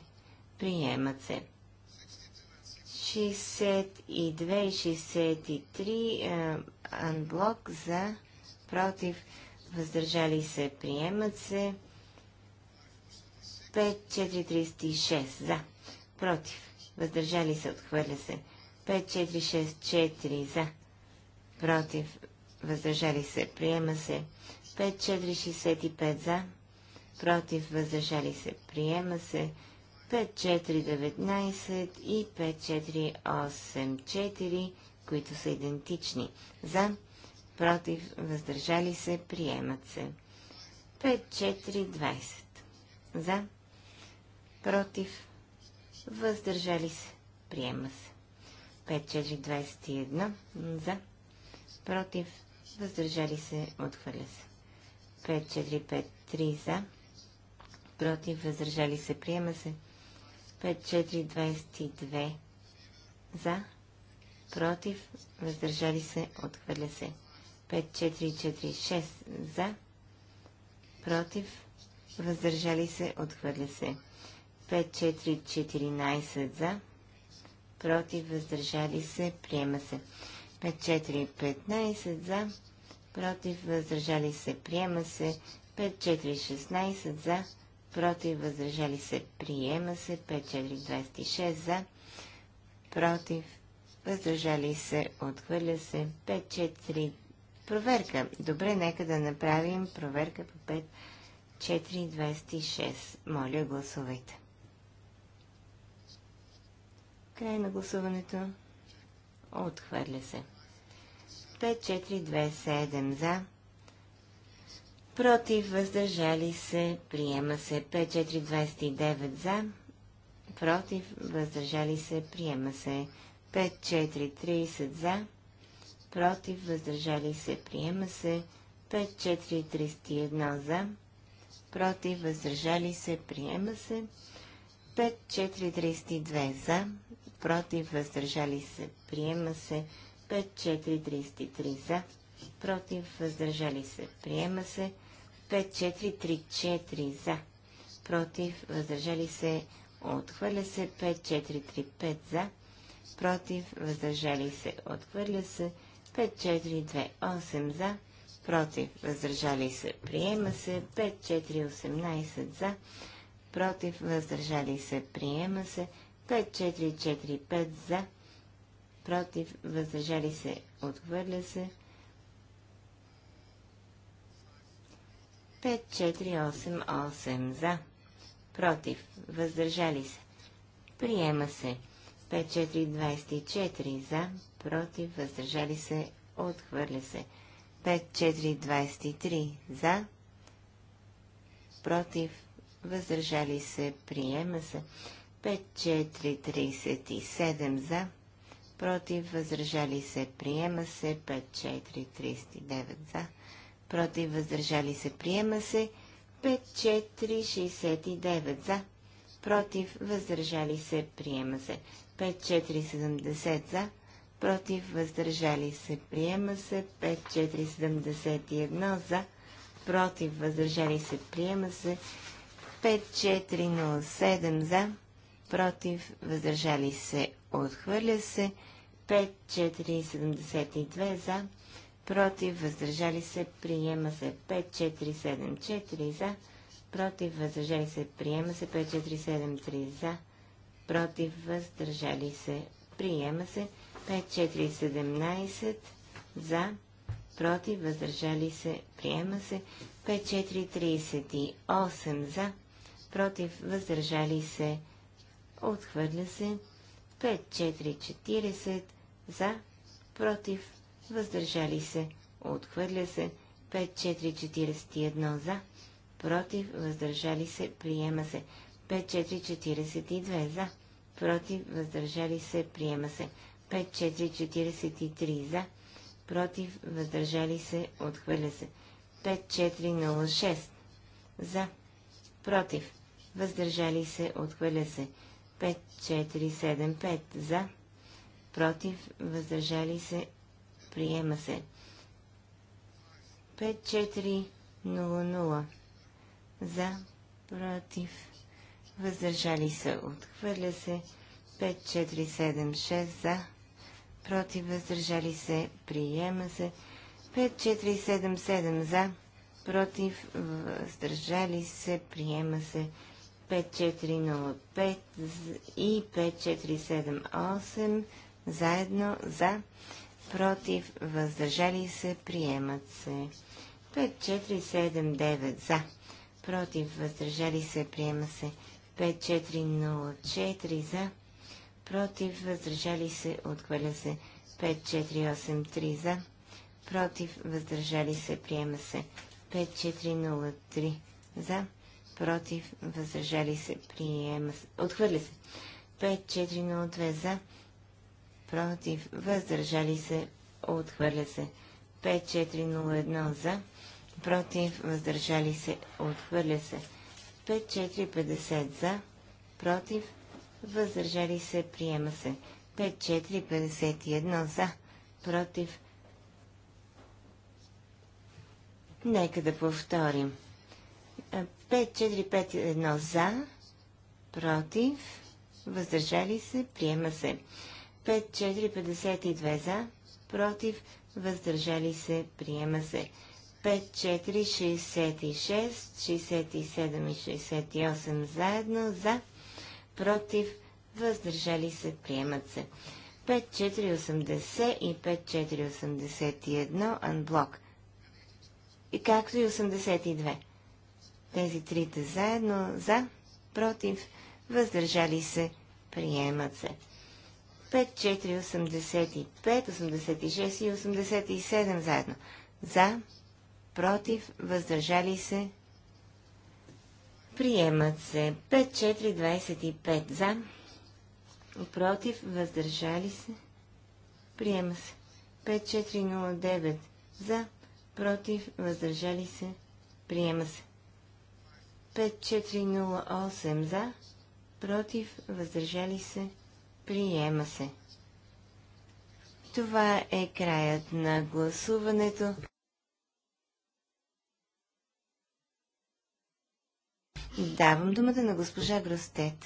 приемат се. 62 и 63 е, анблок за, против, въздържали се, приемат се. 5436 за, против, въздържали се, отхвърля се. 5464 за, против, въздържали се, приема се. 5465 за, против, въздържали се, приема се. 5419 и 5484, които са идентични. За, против, въздържали се, приемат се. 5420. За, против, въздържали се, приема се. 21, за, против, въздържали се, отхвърля се. 5453 за, против, въздържали се, приема се. 5 22, за, против, въздържали се, отхвърля се. 5 6, за, против, въздържали се, отхвърля се. 5414 за, против, въздържали се, приема се. 5415 за, против, въздържали се, приема се. 5416 за, против, въздържали се, приема се. 5426 за, против, въздържали се, отхвърля се. 54 Проверка. Добре, нека да направим проверка по 5-4-26. Моля, гласувайте. Край на гласуването. Отхвърля се. 5427 за. Против въздържали се. Приема се. 5429 за. Против въздържали се. Приема се. 5 5-4-30 за. Против въздържали се. Приема се. 5431 за. Против въздържали се. Приема се. 5432 за против, въздържали се, приема се. 5433 за, против, въздържали се, приема се. 5434 за, против, въздържали се, отхвърля се. 5435 за, против, въздържали се, отхвърля се. 5428 за, против, въздържали се, приема се. 5418 за, против, въздържали се, приема се. 5445 за, против, въздържали се, отхвърля се. 5488 за, против, въздържали се, приема се. 5424 за, против, въздържали се, отхвърля се. 5423 за, против, въздържали се, приема се. 5437 за, против, въздържали се, приема се, 5439 за, против, въздържали се, приема се, 5469 за, против, въздържали се, приема се, 5470 за, против, въздържали се, приема се, 5471 за, против, въздържали се, приема се, 5407 за, против, въздържали се, отхвърля се. 5472 за, против, въздържали се, приема се. 5474 за, против, въздържали се, приема се. 5473 за, против, въздържали се, приема се. 17 за, против, въздържали се, приема се. 5438 за, против, въздържали се, приема се. Отхвърля се. 5-4-40 за, против, въздържали се. Отхвърля се. 5-4-41 за, против, въздържали се, приема се. 5-4-42 за, против, въздържали се, приема се. 5-4-43 за, против, въздържали се, отхвърля се. 5 4 за, против, въздържали се, отхвърля се. 5-4-43 5475 за, против, въздържали се, приема се. 5400 за, против, въздържали се, отхвърля се. 5476 за, против, въздържали се, приема се. 5477 за, против, въздържали се, приема се. 5405 и 5478 заедно за, против, въздържали се, приемат се. 5479 за, против, въздържали се, приема се. 5404 за, против, въздържали се, отхвърля се. 5483 за, против, въздържали се, приема се. 5403 за, против, въздържали се, приема се. Отхвърля се. 5402 за, против, въздържали се, отхвърля се. 5401 за, против, въздържали се, отхвърля се. 5450 за, против, въздържали се, приема се. 5451 за, против. Нека да повторим. 5451 5451 за, против, въздържали се, приема се. 5452 за, против, въздържали се, приема се. 5466, 67 и 68 заедно за, против, въздържали се, приемат се. 5480 и 5481 анблок. И както и 82. Тези трите заедно за, против, въздържали се, приемат се. 5, 4, 85, 86 и 87 заедно. За, против, въздържали се, приемат се. 5, 4, 25 за, против, въздържали се, приема се. 5 9 за, против, въздържали се, приема се. 5408 за, против, въздържали се, приема се. Това е краят на гласуването. Давам думата на госпожа Гростет.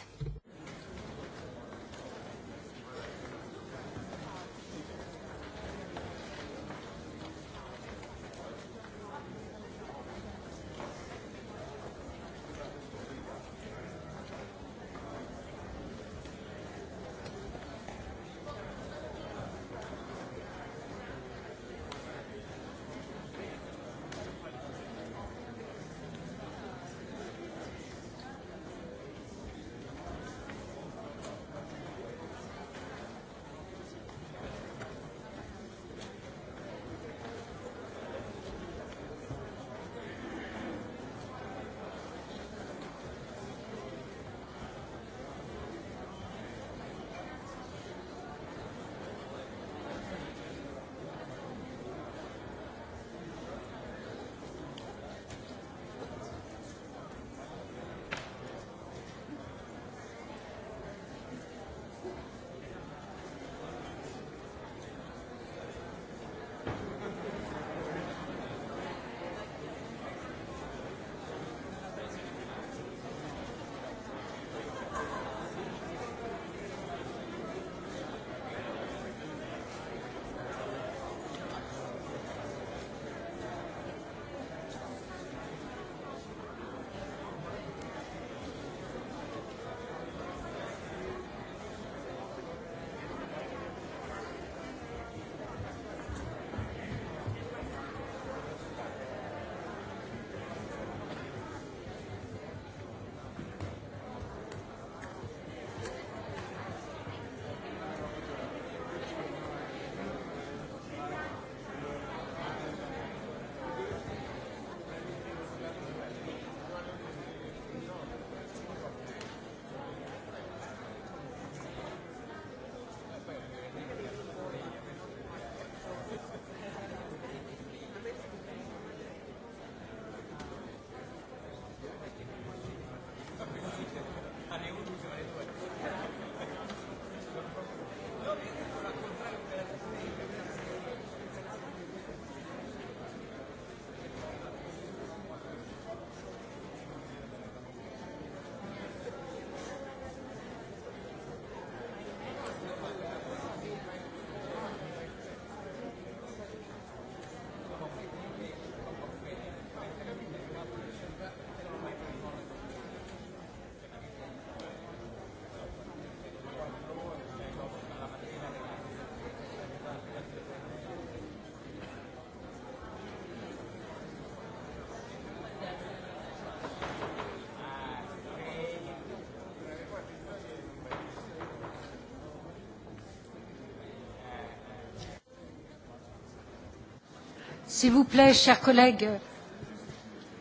S'il vous plaît, chers collègues,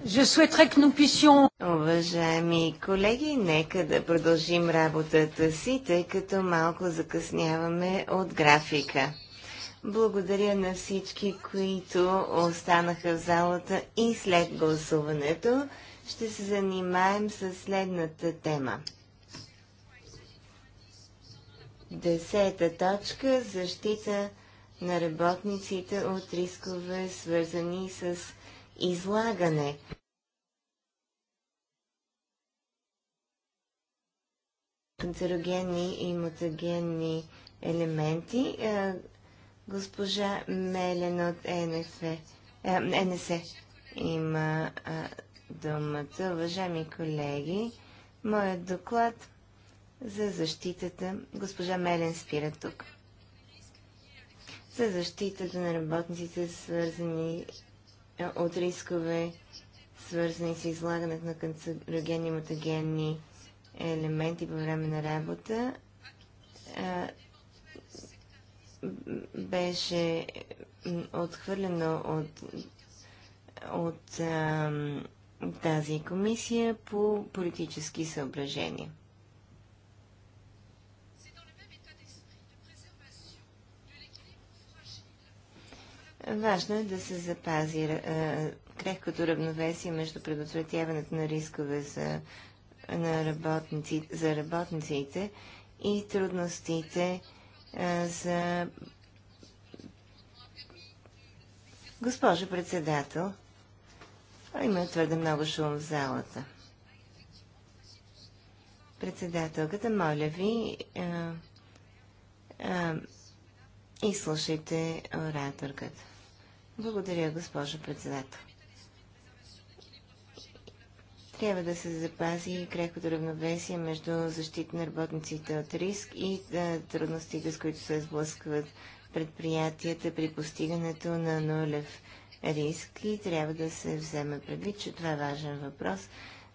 je souhaiterais que nous puissions... Уважаеми колеги, нека да продължим работата си, тъй като малко закъсняваме от графика. Благодаря на всички, които останаха в залата и след гласуването. Ще се занимаем с следната тема. Десета точка – защита на работниците от рискове, свързани с излагане. канцерогенни и мутагенни елементи. Е, госпожа Мелен от НФ, е, има е, думата. Уважаеми колеги, моят доклад за защитата. Госпожа Мелен спира тук за защитата на работниците, свързани от рискове, свързани с излагането на канцерогенни и мутагенни елементи по време на работа. беше отхвърлено от, от тази комисия по политически съображения. Важно е да се запази е, крехкото равновесие между предотвратяването на рискове за, на работници, за работниците и трудностите а, е, за. Госпожо председател, има твърде много шум в залата. Председателката, моля ви, а, е, а, изслушайте ораторката. Благодаря, госпожо председател. Трябва да се запази крехото равновесие между защита на работниците от риск и трудностите, с които се сблъскват предприятията при постигането на нулев риск и трябва да се вземе предвид, че това е важен въпрос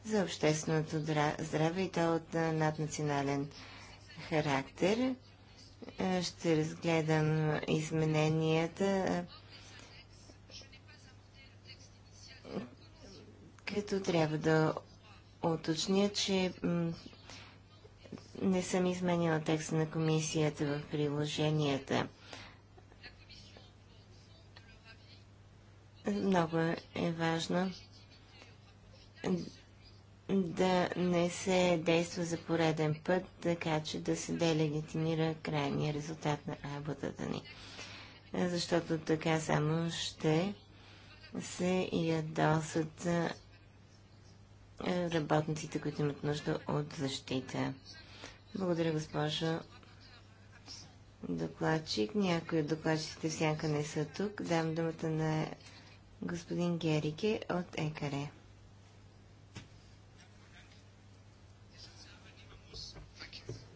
за общественото здраве и то от наднационален характер. Ще разгледам измененията като трябва да уточня, че не съм изменила текста на комисията в приложенията. Много е важно да не се действа за пореден път, така че да се делегитимира крайния резултат на работата ни. Защото така само ще се ядосат е, работниците, които имат нужда от защита. Благодаря, госпожо докладчик. Някои от докладчиците в сянка не са тук. Дам думата на господин Герике от ЕКАРЕ.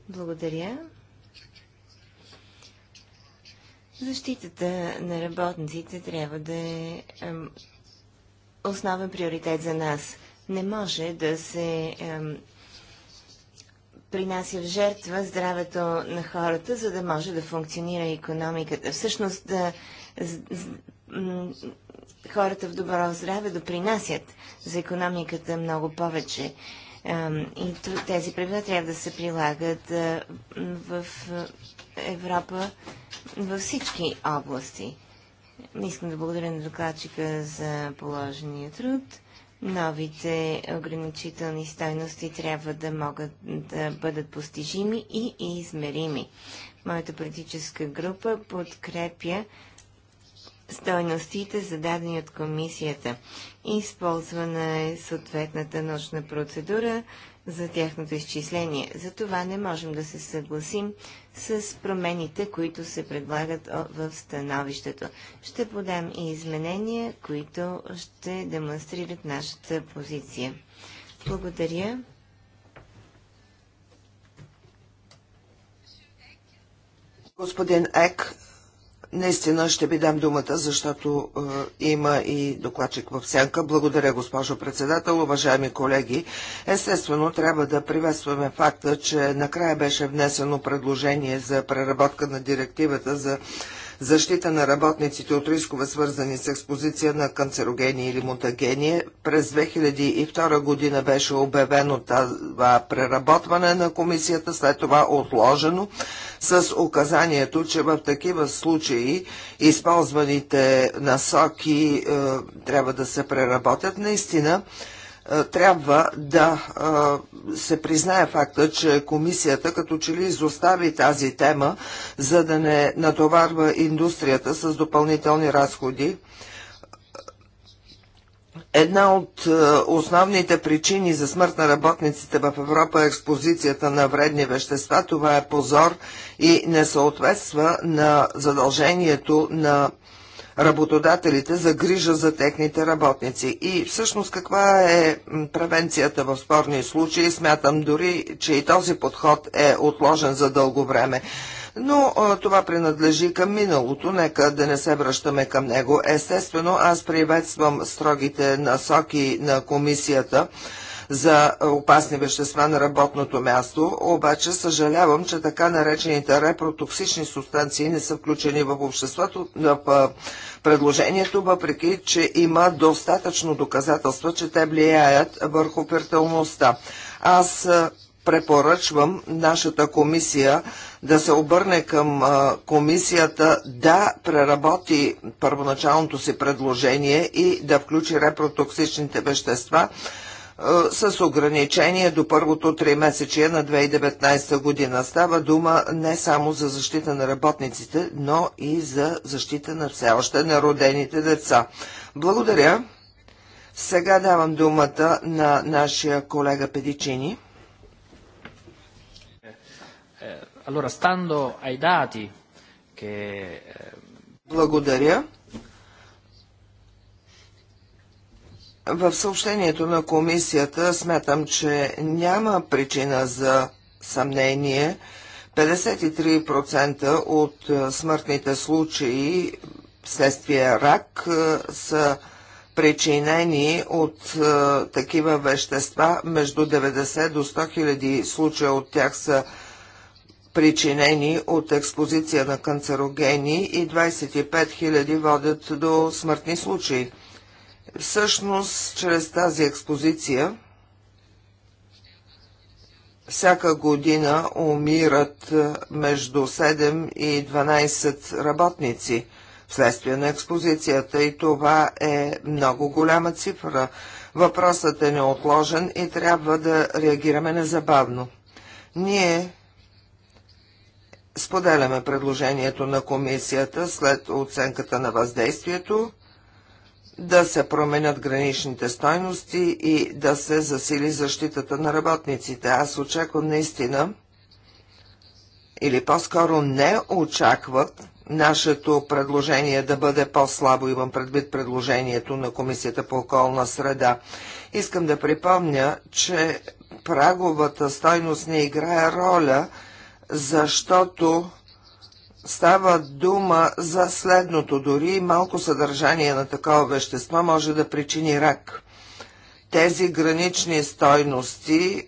Благодаря. Защитата на работниците трябва да е основен приоритет за нас не може да се принася в жертва здравето на хората, за да може да функционира економиката. Всъщност да, хората в добро здраве допринасят за економиката много повече. и тези правила трябва да се прилагат е, в е, Европа във всички области. Искам да благодаря на докладчика за положения труд новите ограничителни стойности трябва да могат да бъдат постижими и измерими. Моята политическа група подкрепя стойностите, зададени от комисията. Използвана е съответната научна процедура, за тяхното изчисление. За това не можем да се съгласим с промените, които се предлагат в становището. Ще подам и изменения, които ще демонстрират нашата позиция. Благодаря. Господин Ек, Наистина ще ви дам думата, защото е, има и докладчик в сянка. Благодаря, госпожо председател, уважаеми колеги. Естествено, трябва да приветстваме факта, че накрая беше внесено предложение за преработка на директивата за защита на работниците от рискове, свързани с експозиция на канцерогени или мутагени. През 2002 година беше обявено това преработване на комисията, след това отложено с указанието, че в такива случаи използваните насоки е, трябва да се преработят. Наистина, е, трябва да е, се признае факта, че комисията като че ли изостави тази тема, за да не натоварва индустрията с допълнителни разходи. Една от е, основните причини за смърт на работниците в Европа е експозицията на вредни вещества. Това е позор и не съответства на задължението на работодателите за грижа за техните работници. И всъщност каква е превенцията в спорни случаи? Смятам дори, че и този подход е отложен за дълго време. Но а, това принадлежи към миналото, нека да не се връщаме към него. Естествено, аз приветствам строгите насоки на комисията за опасни вещества на работното място, обаче съжалявам, че така наречените репротоксични субстанции не са включени в обществото, в предложението, въпреки, че има достатъчно доказателства, че те влияят върху фертилността. Аз препоръчвам нашата комисия да се обърне към комисията да преработи първоначалното си предложение и да включи репротоксичните вещества с ограничение до първото три месечия на 2019 година. Става дума не само за защита на работниците, но и за защита на все още народените деца. Благодаря. Сега давам думата на нашия колега Педичини. Благодаря. В съобщението на комисията смятам, че няма причина за съмнение. 53% от е, смъртните случаи вследствие рак е, са причинени от е, такива вещества. Между 90 до 100 хиляди случая от тях са причинени от експозиция на канцерогени и 25 хиляди водят до смъртни случаи. Всъщност, чрез тази експозиция всяка година умират е, между 7 и 12 работници вследствие на експозицията и това е много голяма цифра. Въпросът е неотложен и трябва да реагираме незабавно. Ние споделяме предложението на комисията след оценката на въздействието да се променят граничните стойности и да се засили защитата на работниците. Аз очаквам наистина, или по-скоро не очакват, нашето предложение да бъде по-слабо, имам предвид предложението на Комисията по околна среда. Искам да припомня, че праговата стойност не играе роля, защото става дума за следното. Дори малко съдържание на такова вещество може да причини рак. Тези гранични стойности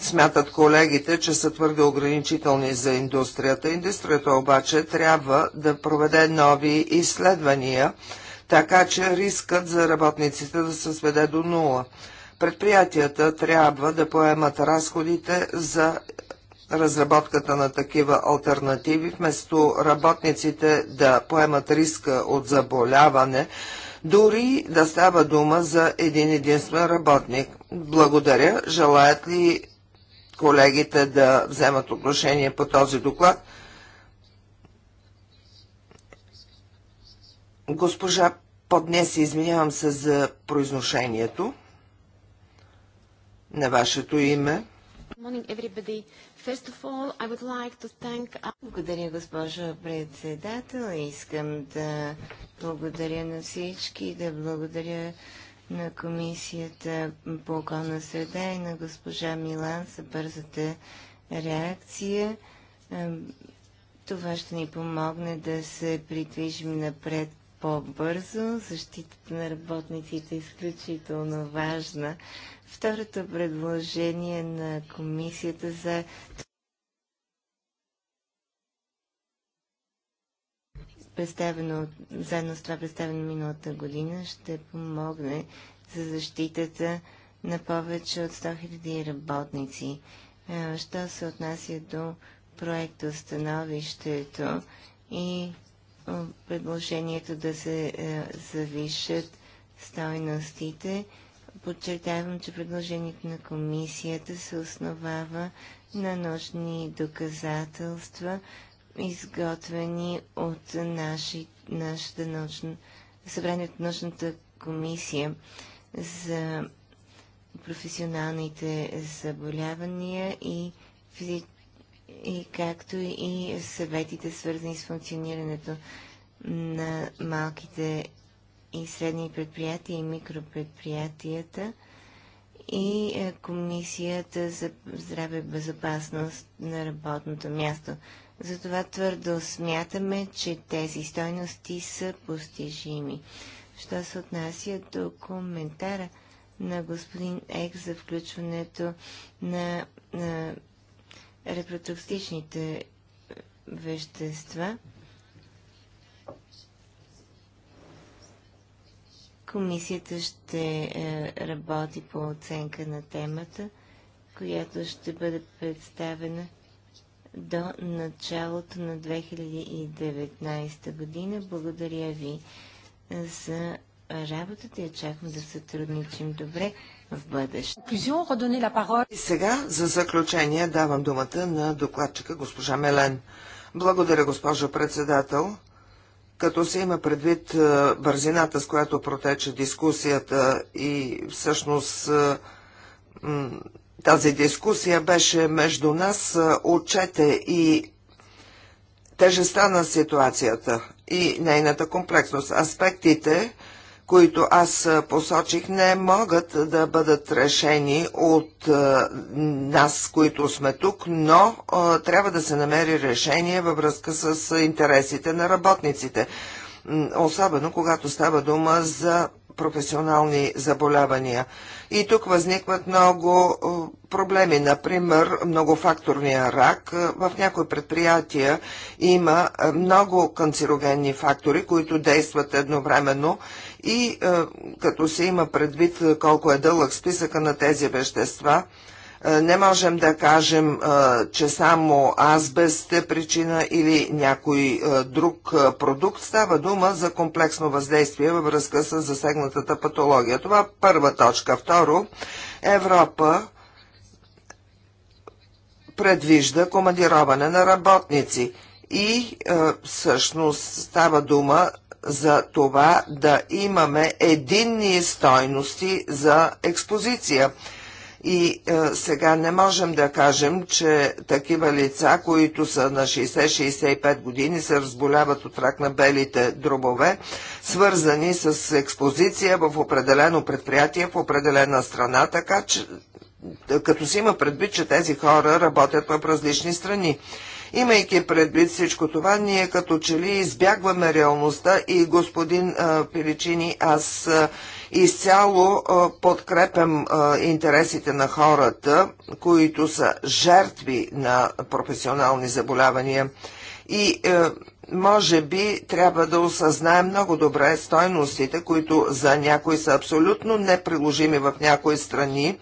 смятат колегите, че са твърде ограничителни за индустрията. Индустрията обаче трябва да проведе нови изследвания, така че рискът за работниците да се сведе до нула. Предприятията трябва да поемат разходите за разработката на такива альтернативи, вместо работниците да поемат риска от заболяване, дори да става дума за един единствен работник. Благодаря. Желаят ли колегите да вземат отношение по този доклад? Госпожа поднес, извинявам се за произношението на вашето име. Morning, First of all, I would like to thank... Благодаря, госпожо председател. Искам да благодаря на всички, да благодаря на Комисията по околна среда и на госпожа Милан за бързата реакция. Това ще ни помогне да се придвижим напред по-бързо. Защитата на работниците е изключително важна Второто предложение на комисията за представено, заедно с това представено миналата година, ще помогне за защитата на повече от 100 000 работници. Що се отнася до проекта, становището и предложението да се завишат стойностите, подчертавам, че предложението на комисията се основава на нужни доказателства, изготвени от наши, нашата научна, събрание от научната комисия за професионалните заболявания и, физи... и както и съветите свързани с функционирането на малките и средни предприятия и микропредприятията и е, Комисията за здраве и безопасност на работното място. Затова твърдо смятаме, че тези стойности са постижими. Що се отнася до коментара на господин Ек за включването на, на репротоксичните е, вещества – Комисията ще е, работи по оценка на темата, която ще бъде представена до началото на 2019 година. Благодаря ви е, за работата и очаквам да сътрудничим добре в бъдеще. И сега за заключение давам думата на докладчика госпожа Мелен. Благодаря, госпожо председател като се има предвид е, бързината, с която протече дискусията и всъщност е, тази дискусия беше между нас, е, отчете и тежестта на ситуацията и нейната комплексност. Аспектите, които аз посочих, не могат да бъдат решени от нас, които сме тук, но трябва да се намери решение във връзка с интересите на работниците. Особено когато става дума за професионални заболявания. И тук възникват много проблеми, например многофакторния рак. В някои предприятия има много канцерогенни фактори, които действат едновременно и е, като се има предвид е, колко е дълъг списъка на тези вещества, е, не можем да кажем, че само азбест е причина или някой друг продукт. Става дума за комплексно въздействие във връзка с засегнатата патология. Това е първа точка. Второ, Европа предвижда командироване на работници и всъщност става дума за това да имаме единни стойности за експозиция. И е, сега не можем да кажем, че такива лица, които са на 60-65 години, се разболяват от рак на белите дробове, свързани с експозиция в определено предприятие, в определена страна, така че като си има предвид, че тези хора работят в различни страни. Имайки предвид всичко това, ние като че ли избягваме реалността и господин Пиличини, аз изцяло подкрепям интересите на хората, които са жертви на професионални заболявания. И е, може би трябва да осъзнаем много добре стойностите, които за някои са абсолютно неприложими в някои страни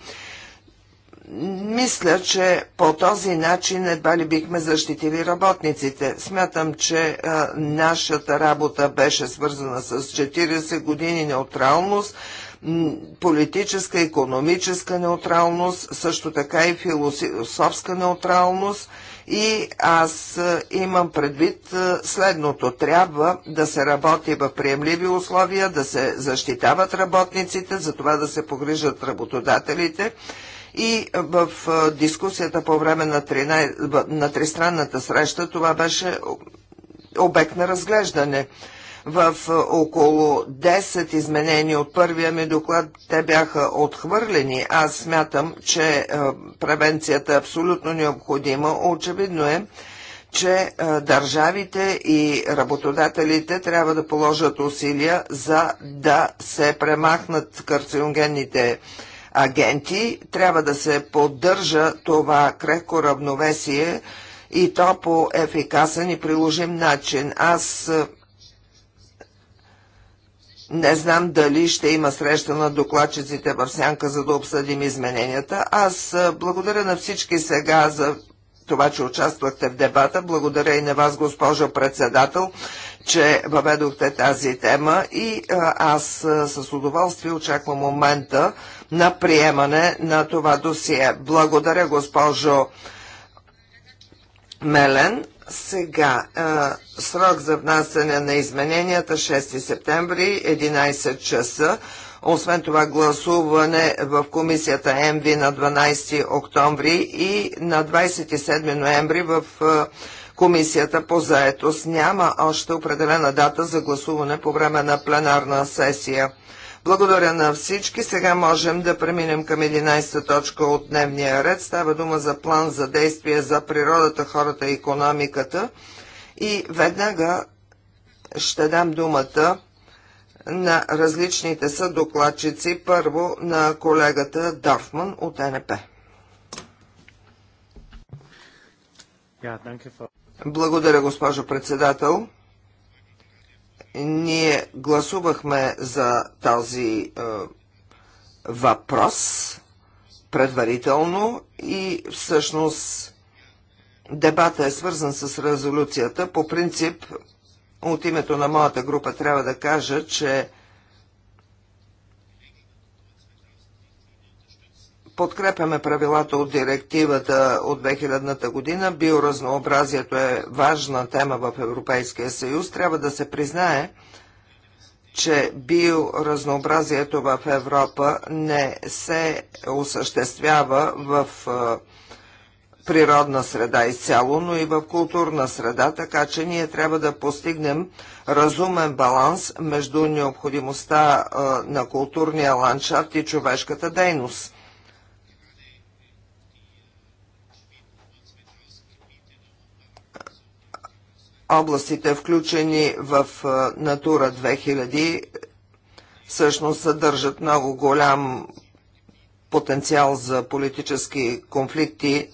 мисля, че по този начин едва ли бихме защитили работниците. Смятам, че а, нашата работа беше свързана с 40 години неутралност, политическа, економическа неутралност, също така и философска неутралност. И аз имам предвид следното. Трябва да се работи в приемливи условия, да се защитават работниците, за това да се погрижат работодателите и в дискусията по време на, 13, на тристранната среща това беше обект на разглеждане. В около 10 изменения от първия ми доклад те бяха отхвърлени. Аз смятам, че превенцията е абсолютно необходима. Очевидно е, че държавите и работодателите трябва да положат усилия за да се премахнат карциногенните агенти. Трябва да се поддържа това крехко равновесие и то по ефикасен и приложим начин. Аз не знам дали ще има среща на докладчиците в сянка, за да обсъдим измененията. Аз благодаря на всички сега за това, че участвахте в дебата. Благодаря и на вас, госпожо председател, че въведохте тази тема и аз с удоволствие очаквам момента, на приемане на това досие. Благодаря, госпожо Мелен. Сега, е, срок за внасяне на измененията 6 септември, 11 часа. Освен това гласуване в комисията МВ на 12 октомври и на 27 ноември в Комисията по заетост няма още определена дата за гласуване по време на пленарна сесия. Благодаря на всички. Сега можем да преминем към 11 точка от дневния ред. Става дума за план за действие за природата, хората и економиката. И веднага ще дам думата на различните съдокладчици. Първо на колегата Дорфман от НП. Благодаря, госпожо председател. Ние гласувахме за този е, въпрос предварително и всъщност дебата е свързан с резолюцията. По принцип, от името на моята група трябва да кажа, че подкрепяме правилата от директивата от 2000-та година. Биоразнообразието е важна тема в Европейския съюз. Трябва да се признае, че биоразнообразието в Европа не се осъществява в природна среда изцяло, но и в културна среда, така че ние трябва да постигнем разумен баланс между необходимостта на културния ландшафт и човешката дейност. областите, включени в Натура 2000, всъщност съдържат много голям потенциал за политически конфликти.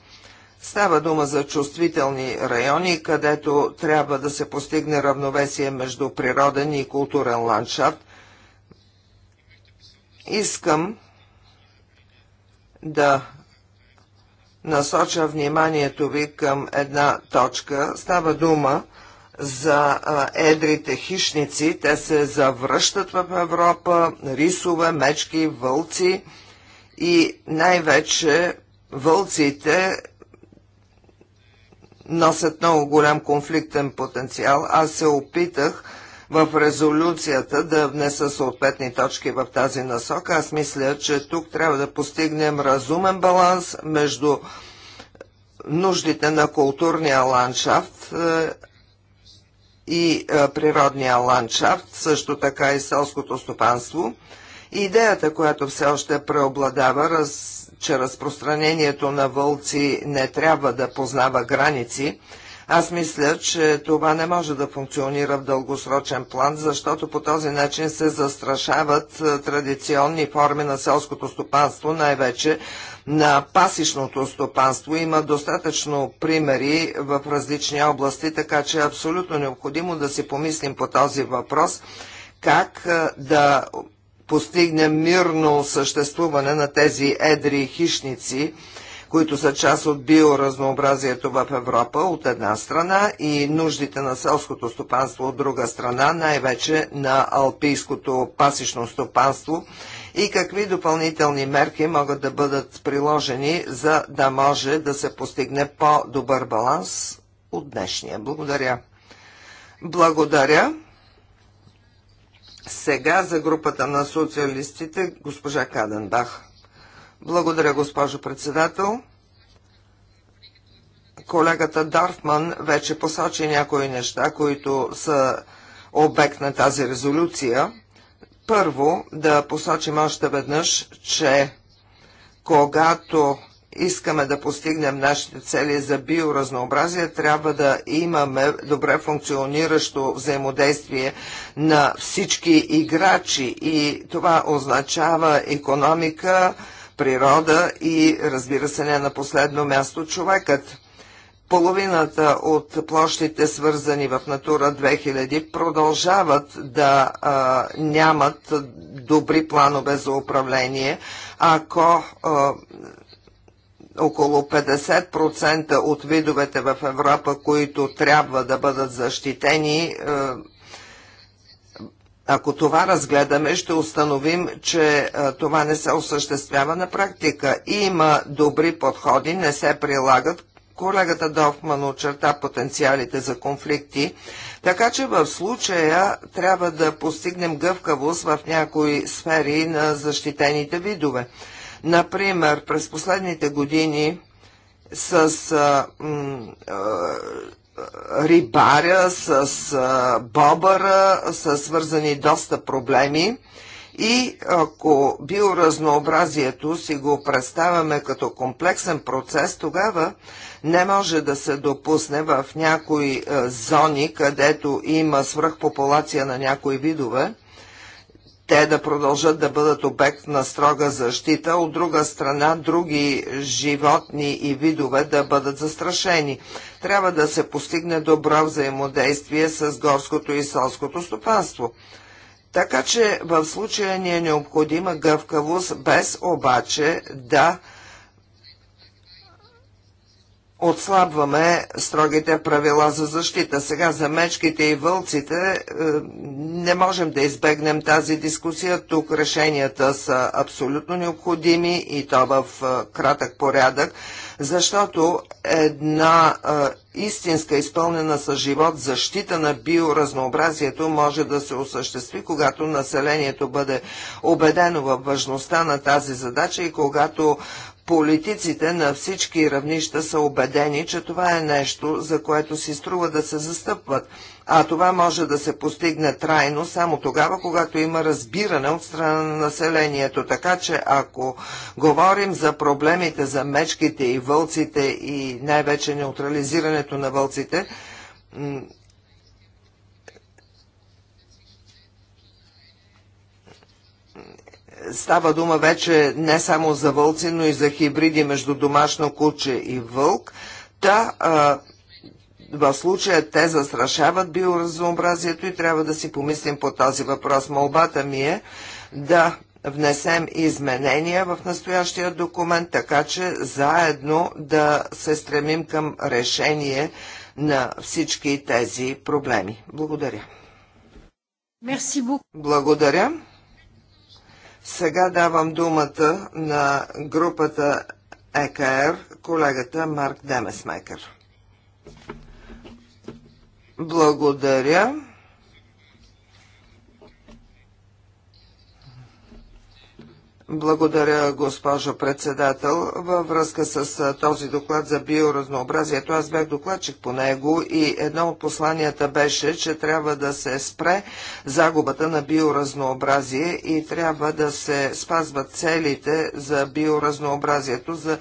Става дума за чувствителни райони, където трябва да се постигне равновесие между природен и културен ландшафт. Искам да насоча вниманието ви към една точка. Става дума за едрите хищници. Те се завръщат в Европа, рисове, мечки, вълци и най-вече вълците носят много голям конфликтен потенциал. Аз се опитах в резолюцията да внеса съответни точки в тази насока. Аз мисля, че тук трябва да постигнем разумен баланс между нуждите на културния ландшафт, е, и природния ландшафт, също така и селското стопанство. Идеята, която все още преобладава, раз, че разпространението на вълци не трябва да познава граници, аз мисля, че това не може да функционира в дългосрочен план, защото по този начин се застрашават традиционни форми на селското стопанство, най-вече на пасишното стопанство. Има достатъчно примери в различни области, така че е абсолютно необходимо да си помислим по този въпрос как да постигнем мирно съществуване на тези едри хищници, които са част от биоразнообразието в Европа от една страна и нуждите на селското стопанство от друга страна, най-вече на алпийското пасишно стопанство и какви допълнителни мерки могат да бъдат приложени, за да може да се постигне по-добър баланс от днешния. Благодаря. Благодаря. Сега за групата на социалистите госпожа Каденбах. Благодаря, госпожо председател. Колегата Дарфман вече посочи някои неща, които са обект на тази резолюция. Първо да посочим още веднъж, че когато искаме да постигнем нашите цели за биоразнообразие, трябва да имаме добре функциониращо взаимодействие на всички играчи и това означава економика, природа и разбира се не на последно място човекът половината от площите, свързани в Натура 2000, продължават да а, нямат добри планове за управление, ако а, около 50% от видовете в Европа, които трябва да бъдат защитени, а, ако това разгледаме, ще установим, че а, това не се осъществява на практика. Има добри подходи, не се прилагат, Колегата Дофман очерта потенциалите за конфликти, така че в случая трябва да постигнем гъвкавост в някои сфери на защитените видове. Например, през последните години с а, м, а, рибаря, с а, бобъра са свързани доста проблеми. И ако биоразнообразието си го представяме като комплексен процес, тогава не може да се допусне в някои е, зони, където има свръхпопулация на някои видове, те да продължат да бъдат обект на строга защита, от друга страна други животни и видове да бъдат застрашени. Трябва да се постигне добро взаимодействие с горското и селското стопанство. Така че в случая ни е необходима гъвкавост, без обаче да отслабваме строгите правила за защита. Сега за мечките и вълците е, не можем да избегнем тази дискусия. Тук решенията са абсолютно необходими и то в е, кратък порядък, защото една е, истинска изпълнена с живот защита на биоразнообразието може да се осъществи, когато населението бъде убедено във важността на тази задача и когато политиците на всички равнища са убедени, че това е нещо, за което си струва да се застъпват, а това може да се постигне трайно само тогава, когато има разбиране от страна на населението. Така че ако говорим за проблемите за мечките и вълците и най-вече неутрализирането на вълците, става дума вече не само за вълци, но и за хибриди между домашно куче и вълк. Та в случая те застрашават биоразнообразието и трябва да си помислим по този въпрос. Молбата ми е да внесем изменения в настоящия документ, така че заедно да се стремим към решение на всички тези проблеми. Благодаря. Благодаря. Сега давам думата на групата ЕКР, колегата Марк Демесмекер. Благодаря. Благодаря, госпожо председател. Във връзка с този доклад за биоразнообразието, аз бях докладчик по него и едно от посланията беше, че трябва да се спре загубата на биоразнообразие и трябва да се спазват целите за биоразнообразието за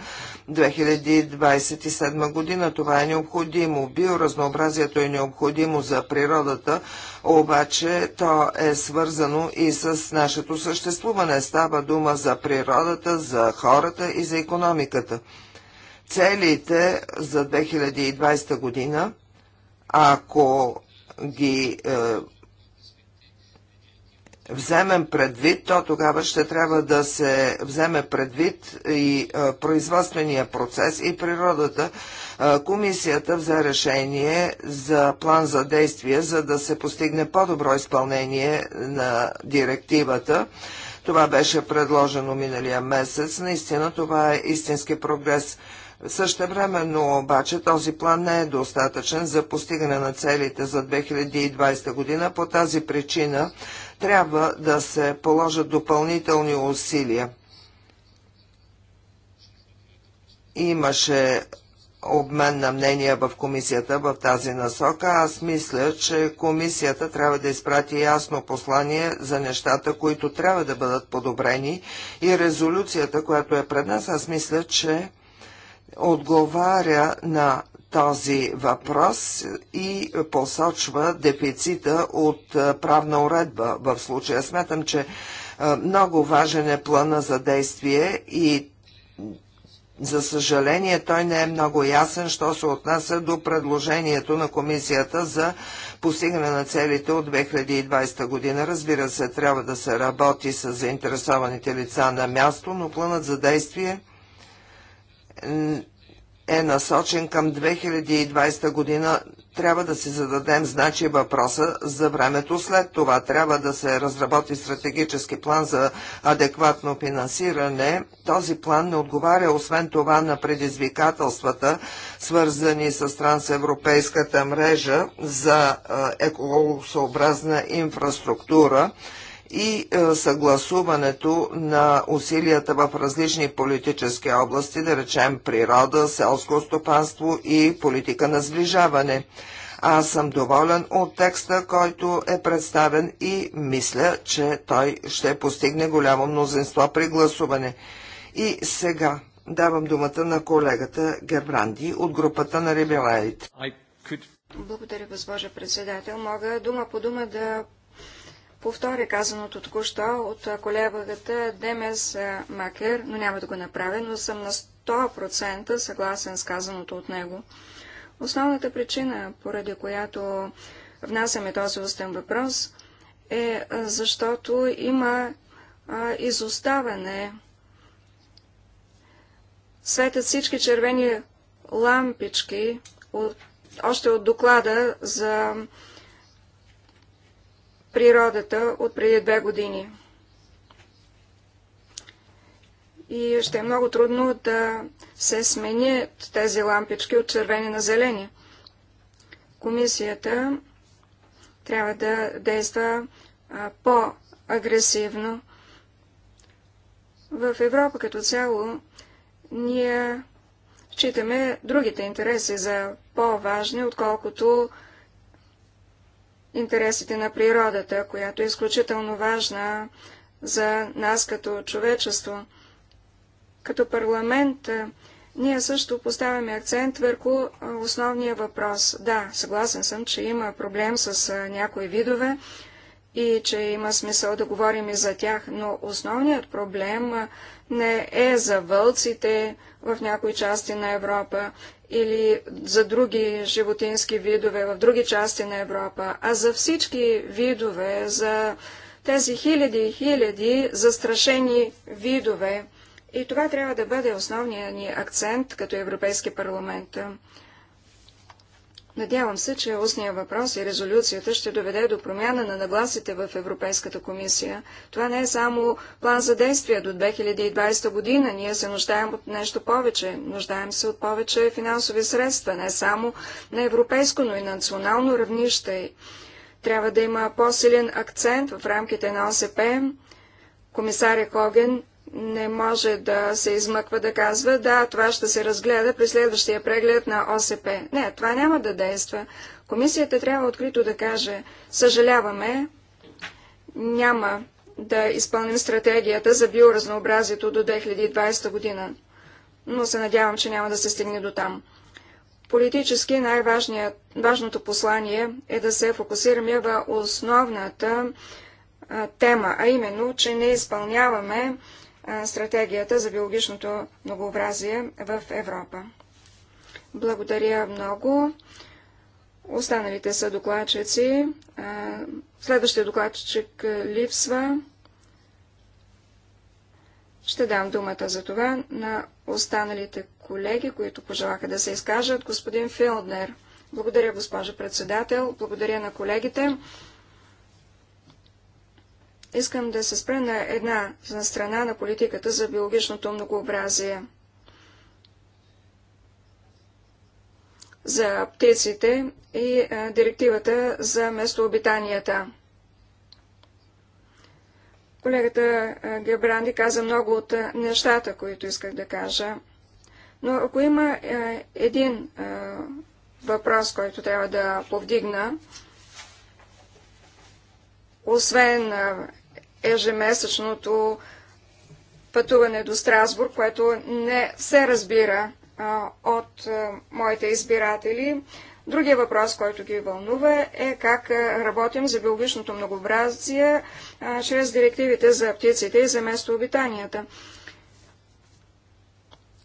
2027 година. Това е необходимо. Биоразнообразието е необходимо за природата, обаче то е свързано и с нашето съществуване. Става дума за природата, за хората и за економиката. Целите за 2020 година, ако ги е, вземем предвид, то тогава ще трябва да се вземе предвид и е, производствения процес и природата. Е, комисията взе решение за план за действие, за да се постигне по-добро изпълнение на директивата. Това беше предложено миналия месец. Наистина това е истински прогрес. Същевременно обаче този план не е достатъчен за постигане на целите за 2020 година. По тази причина трябва да се положат допълнителни усилия. Имаше обмен на мнения в комисията в тази насока. Аз мисля, че комисията трябва да изпрати ясно послание за нещата, които трябва да бъдат подобрени и резолюцията, която е пред нас, аз мисля, че отговаря на този въпрос и посочва дефицита от правна уредба в случая. Смятам, че много важен е плана за действие и за съжаление, той не е много ясен, що се отнася до предложението на комисията за постигане на целите от 2020 година. Разбира се, трябва да се работи с заинтересованите лица на място, но планът за действие е насочен към 2020 година, трябва да си зададем значи въпроса за времето след това. Трябва да се разработи стратегически план за адекватно финансиране. Този план не отговаря освен това на предизвикателствата, свързани с трансевропейската мрежа за екологосъобразна инфраструктура и е, съгласуването на усилията в различни политически области, да речем природа, селско стопанство и политика на сближаване. Аз съм доволен от текста, който е представен и мисля, че той ще постигне голямо мнозинство при гласуване. И сега давам думата на колегата Гербранди от групата на Либералите. Благодаря, госпожа председател. Мога дума по дума да повторя казаното току-що от колебагата Демес Макер, но няма да го направя, но съм на 100% съгласен с казаното от него. Основната причина, поради която внасяме този устен въпрос, е защото има изоставане. Светят всички червени лампички от, още от доклада за природата от преди две години. И ще е много трудно да се сменят тези лампички от червени на зелени. Комисията трябва да действа по-агресивно. В Европа като цяло ние считаме другите интереси за по-важни, отколкото интересите на природата, която е изключително важна за нас като човечество. Като парламент е, ние също поставяме акцент върху е, основния въпрос. Да, съгласен съм, че има проблем с е, някои видове и че има смисъл да говорим и за тях, но основният проблем не е за вълците в някои части на Европа или за други животински видове в други части на Европа, а за всички видове, за тези хиляди и хиляди застрашени видове. И това трябва да бъде основният ни акцент като Европейски парламент. Надявам се, че устния въпрос и резолюцията ще доведе до промяна на нагласите в Европейската комисия. Това не е само план за действие до 2020 година. Ние се нуждаем от нещо повече. Нуждаем се от повече финансови средства, не само на европейско, но и национално равнище. Трябва да има по-силен акцент в рамките на ОСП. Комисаря Коген не може да се измъква да казва, да, това ще се разгледа при следващия преглед на ОСП. Не, това няма да действа. Комисията трябва открито да каже, съжаляваме, няма да изпълним стратегията за биоразнообразието до 2020 година, но се надявам, че няма да се стигне до там. Политически най-важното послание е да се фокусираме в основната тема, а именно, че не изпълняваме стратегията за биологичното многообразие в Европа. Благодаря много. Останалите са докладчици. Следващия докладчик липсва. Ще дам думата за това на останалите колеги, които пожелаха да се изкажат. Господин Филднер. Благодаря, госпожа председател. Благодаря на колегите. Искам да се спра на една на страна на политиката за биологичното многообразие. за птиците и а, директивата за местообитанията. Колегата Гебранди каза много от нещата, които исках да кажа. Но ако има а, един въпрос, който трябва да повдигна, освен ежемесечното пътуване до Страсбург, което не се разбира а, от а, моите избиратели. Другия въпрос, който ги вълнува е как работим за биологичното многообразие а, чрез директивите за птиците и за местообитанията.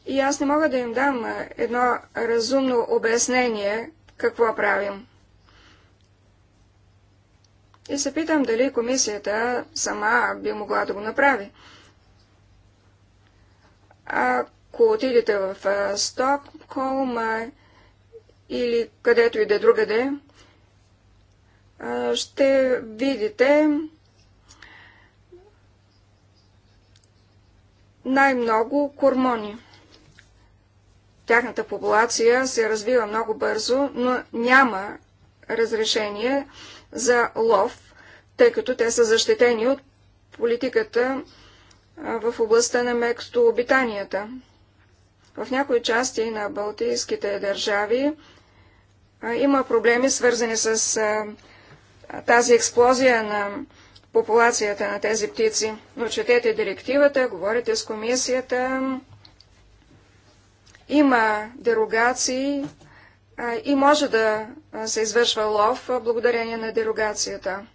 И аз не мога да им дам едно разумно обяснение какво правим. И се питам дали комисията сама би могла да го направи. Ако отидете в Стокхолм или където и да е другаде, ще видите най-много кормони. Тяхната популация се развива много бързо, но няма разрешение за лов, тъй като те са защитени от политиката в областта на местообитанията. В някои части на балтийските държави има проблеми, свързани с тази експлозия на популацията на тези птици. Но четете директивата, говорите с комисията. Има дерогации и може да се извършва лов благодарение на дерогацията.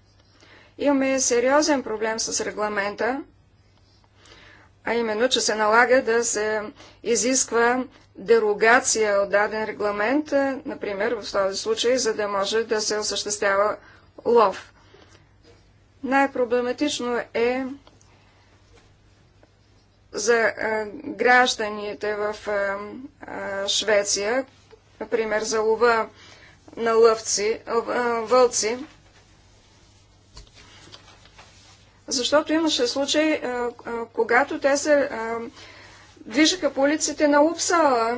Имаме сериозен проблем с регламента, а именно, че се налага да се изисква дерогация от даден регламент, например в този случай, за да може да се осъществява лов. Най-проблематично е за гражданите в Швеция, например за лова на лъвци, вълци, защото имаше случай, когато те се движеха по улиците на Упсала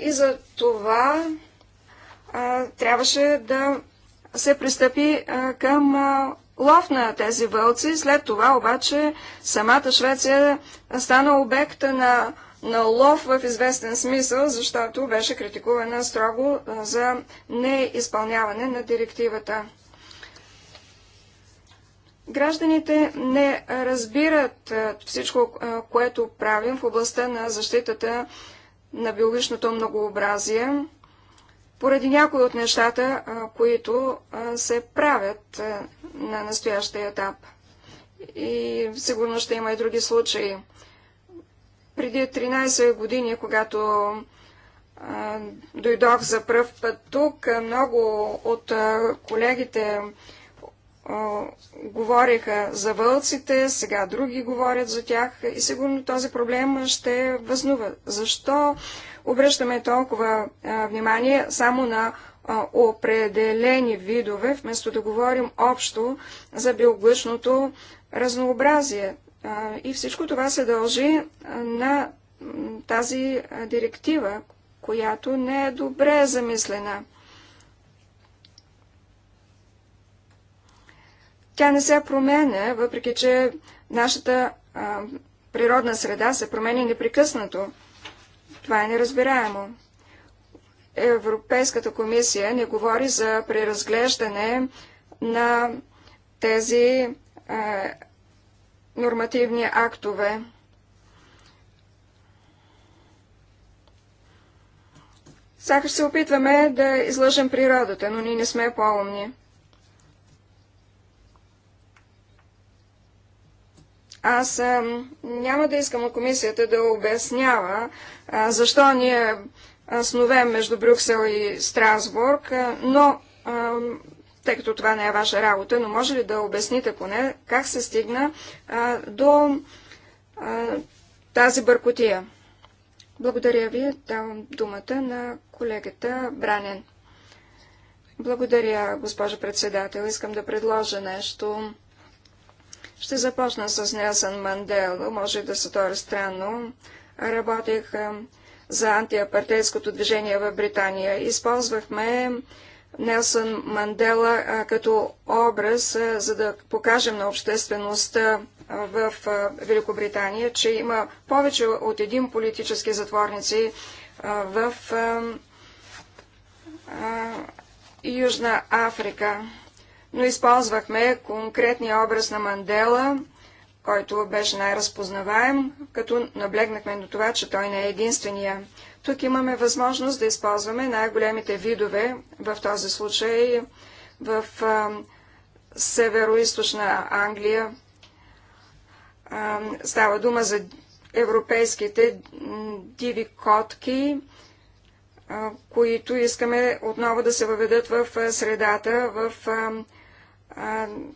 и за това трябваше да се пристъпи към лов на тези вълци. След това обаче самата Швеция стана обекта на на лов в известен смисъл, защото беше критикувана строго за неизпълняване на директивата. Гражданите не разбират всичко, което правим в областта на защитата на биологичното многообразие, поради някои от нещата, които се правят на настоящия етап. И сигурно ще има и други случаи. Преди 13 години, когато а, дойдох за пръв път тук, много от а, колегите а, говориха за вълците, сега други говорят за тях и сигурно този проблем ще възнува. Защо обръщаме толкова внимание само на определени видове, вместо да говорим общо за биоглъчното разнообразие. И всичко това се дължи на тази директива, която не е добре замислена. Тя не се променя, въпреки че нашата природна среда се променя непрекъснато. Това е неразбираемо. Европейската комисия не говори за преразглеждане на тези а, нормативни актове. Сякаш се опитваме да излъжем природата, но ние не сме по-умни. Аз а, няма да искам от комисията да обяснява а, защо ние сновем между Брюксел и Страсбург, а, но тъй като това не е ваша работа, но може ли да обясните поне как се стигна а, до а, тази бъркотия? Благодаря ви. Давам думата на колегата Бранен. Благодаря, госпожо председател. Искам да предложа нещо. Ще започна с Нелсън Мандел. Може да се тори странно. Работех за антиапартейското движение в Британия. Използвахме Нелсън Мандела като образ, за да покажем на обществеността в Великобритания, че има повече от един политически затворници в Южна Африка. Но използвахме конкретния образ на Мандела, който беше най-разпознаваем, като наблегнахме на това, че той не е единствения. Тук имаме възможност да използваме най-големите видове, в този случай в северо-источна Англия. А, става дума за европейските диви котки, а, които искаме отново да се въведат в а, средата, в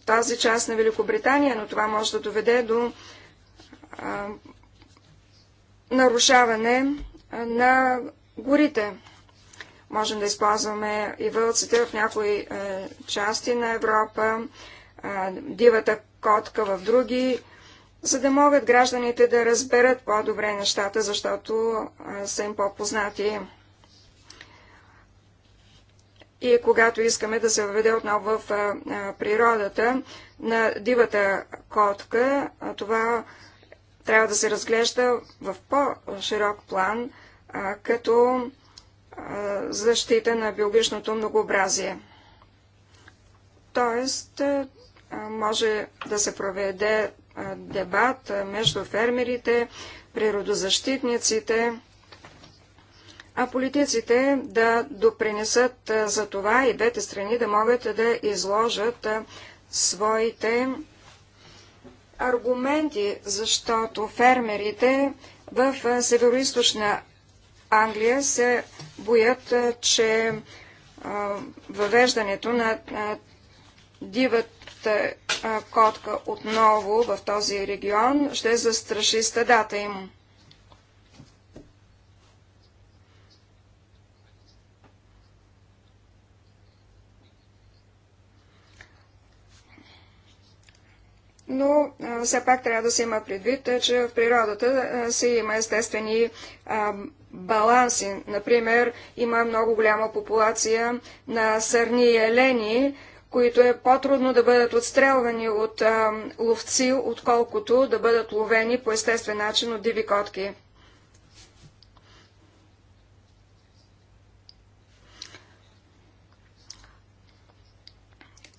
тази част на Великобритания, но това може да доведе до нарушаване на горите. Можем да използваме и вълците в някои части на Европа, дивата котка в други, за да могат гражданите да разберат по-добре нещата, защото са им по-познати. И когато искаме да се въведе отново в природата на дивата котка, това трябва да се разглежда в по-широк план а, като а, защита на биологичното многообразие. Тоест, а, може да се проведе а, дебат между фермерите, природозащитниците, а политиците да допринесат за това и двете страни да могат да изложат своите аргументи, защото фермерите в северо Англия се боят, че въвеждането на дивата котка отново в този регион ще застраши стадата им. но все пак трябва да се има предвид, е, че в природата се има естествени баланси. Например, има много голяма популация на сърни и елени, които е по-трудно да бъдат отстрелвани от ловци, отколкото да бъдат ловени по естествен начин от диви котки.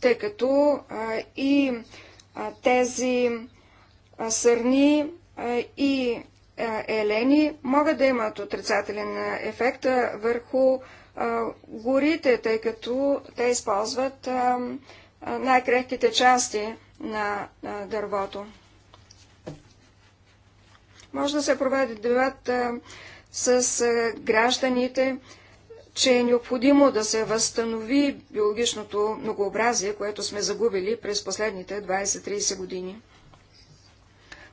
Тъй като а, и тези сърни и елени могат да имат отрицателен ефект върху горите, тъй като те използват най-крехките части на дървото. Може да се проведе дебат с гражданите, че е необходимо да се възстанови биологичното многообразие, което сме загубили през последните 20-30 години.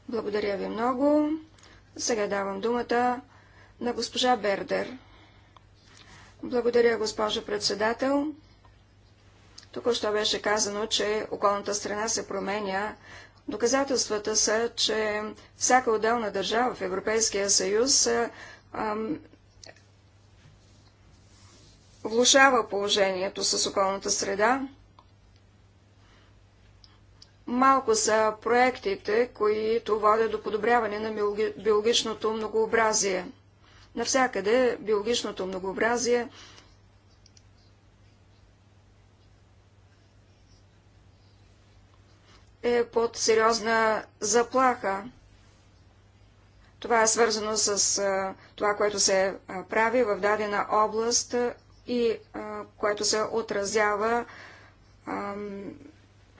Благодаря ви много. Сега давам думата на госпожа Бердер. Благодаря, госпожа председател. Току-що беше казано, че околната страна се променя. Доказателствата са, че всяка отделна държава в Европейския съюз влушава положението с околната среда. Малко са проектите, които водят до подобряване на биологичното многообразие. Навсякъде биологичното многообразие е под сериозна заплаха. Това е свързано с това, което се прави в дадена област и а, което се отразява а,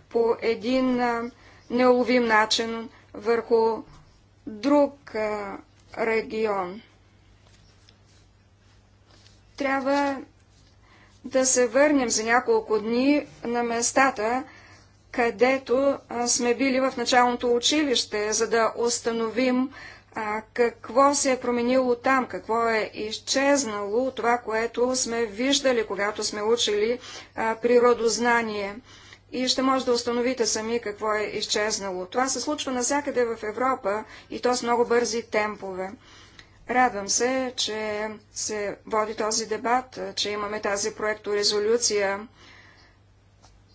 по един а, неуловим начин върху друг а, регион. Трябва да се върнем за няколко дни на местата, където сме били в началното училище, за да установим а, какво се е променило там, какво е изчезнало от това, което сме виждали, когато сме учили а, природознание. И ще може да установите сами какво е изчезнало. Това се случва навсякъде в Европа и то с много бързи темпове. Радвам се, че се води този дебат, че имаме тази проекторезолюция.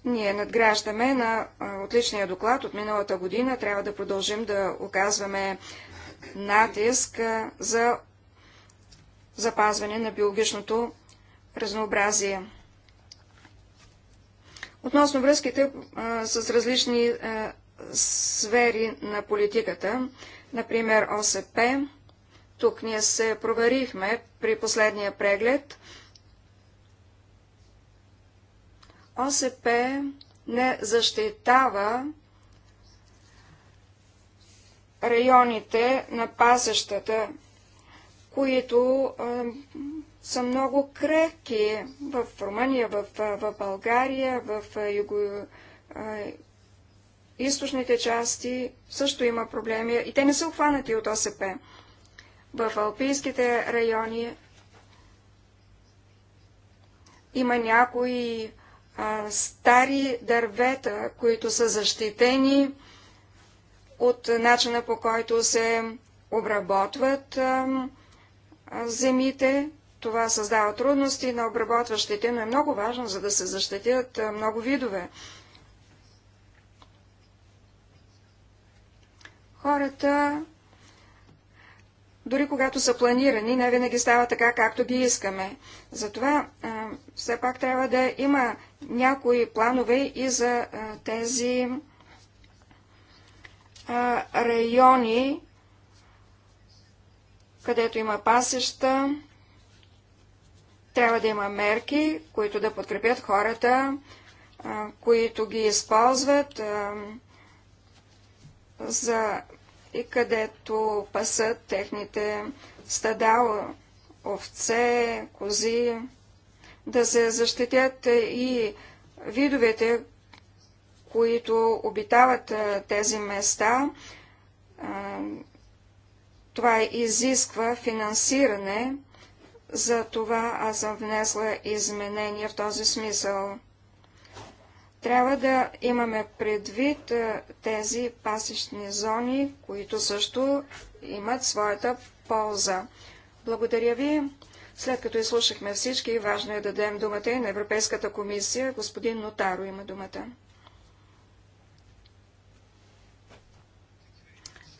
Ние надграждаме на отличния доклад от миналата година. Трябва да продължим да оказваме натиск за запазване на биологичното разнообразие. Относно връзките с различни сфери на политиката, например ОСП, тук ние се проверихме при последния преглед. ОСП не защитава районите на пасещата, които а, са много крехки в Румъния, в, в България, в юго, източните части също има проблеми и те не са обхванати от ОСП. В алпийските райони има някои а, стари дървета, които са защитени от начина по който се обработват земите. Това създава трудности на обработващите, но е много важно, за да се защитят много видове. Хората, дори когато са планирани, не винаги става така, както ги искаме. Затова все пак трябва да има някои планове и за тези райони, където има пасеща, трябва да има мерки, които да подкрепят хората, които ги използват за и където пасат техните стада, овце, кози, да се защитят и видовете, които обитават тези места. Това изисква финансиране, за това аз съм внесла изменения в този смисъл. Трябва да имаме предвид тези пасечни зони, които също имат своята полза. Благодаря ви. След като изслушахме всички, важно е да дадем думата и на Европейската комисия. Господин Нотаро има думата.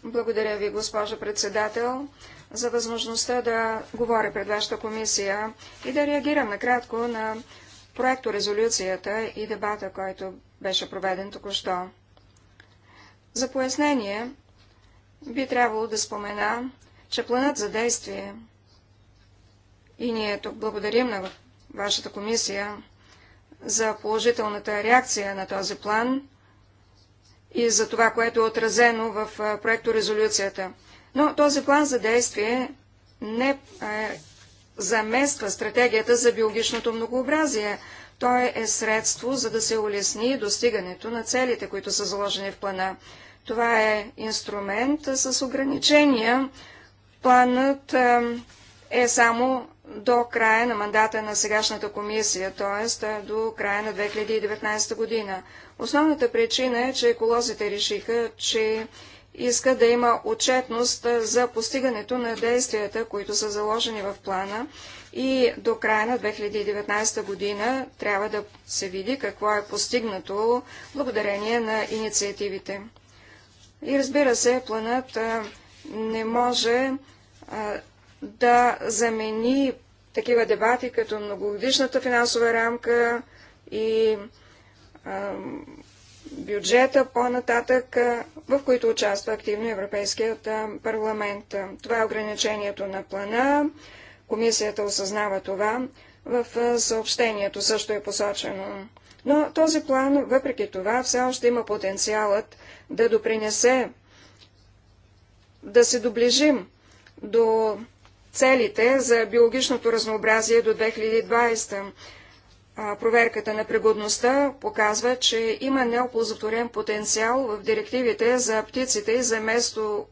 Благодаря ви, госпожо председател, за възможността да говоря пред вашата комисия и да реагирам накратко на проекто резолюцията и дебата, който беше проведен току-що. За пояснение би трябвало да спомена, че планът за действие и ние тук благодарим на вашата комисия за положителната реакция на този план – и за това, което е отразено в проекторезолюцията. резолюцията. Но този план за действие не е, замества стратегията за биологичното многообразие. Той е средство, за да се улесни достигането на целите, които са заложени в плана. Това е инструмент с ограничения. Планът е само до края на мандата на сегашната комисия, т.е. до края на 2019 година. Основната причина е, че еколозите решиха, че иска да има отчетност за постигането на действията, които са заложени в плана и до края на 2019 година трябва да се види какво е постигнато благодарение на инициативите. И разбира се, планът не може да замени такива дебати като многогодишната финансова рамка и а, бюджета по-нататък, в които участва активно Европейският парламент. Това е ограничението на плана. Комисията осъзнава това. В съобщението също е посочено. Но този план, въпреки това, все още има потенциалът да допринесе, да се доближим до целите за биологичното разнообразие до 2020. Проверката на пригодността показва, че има неоползотворен потенциал в директивите за птиците и за место,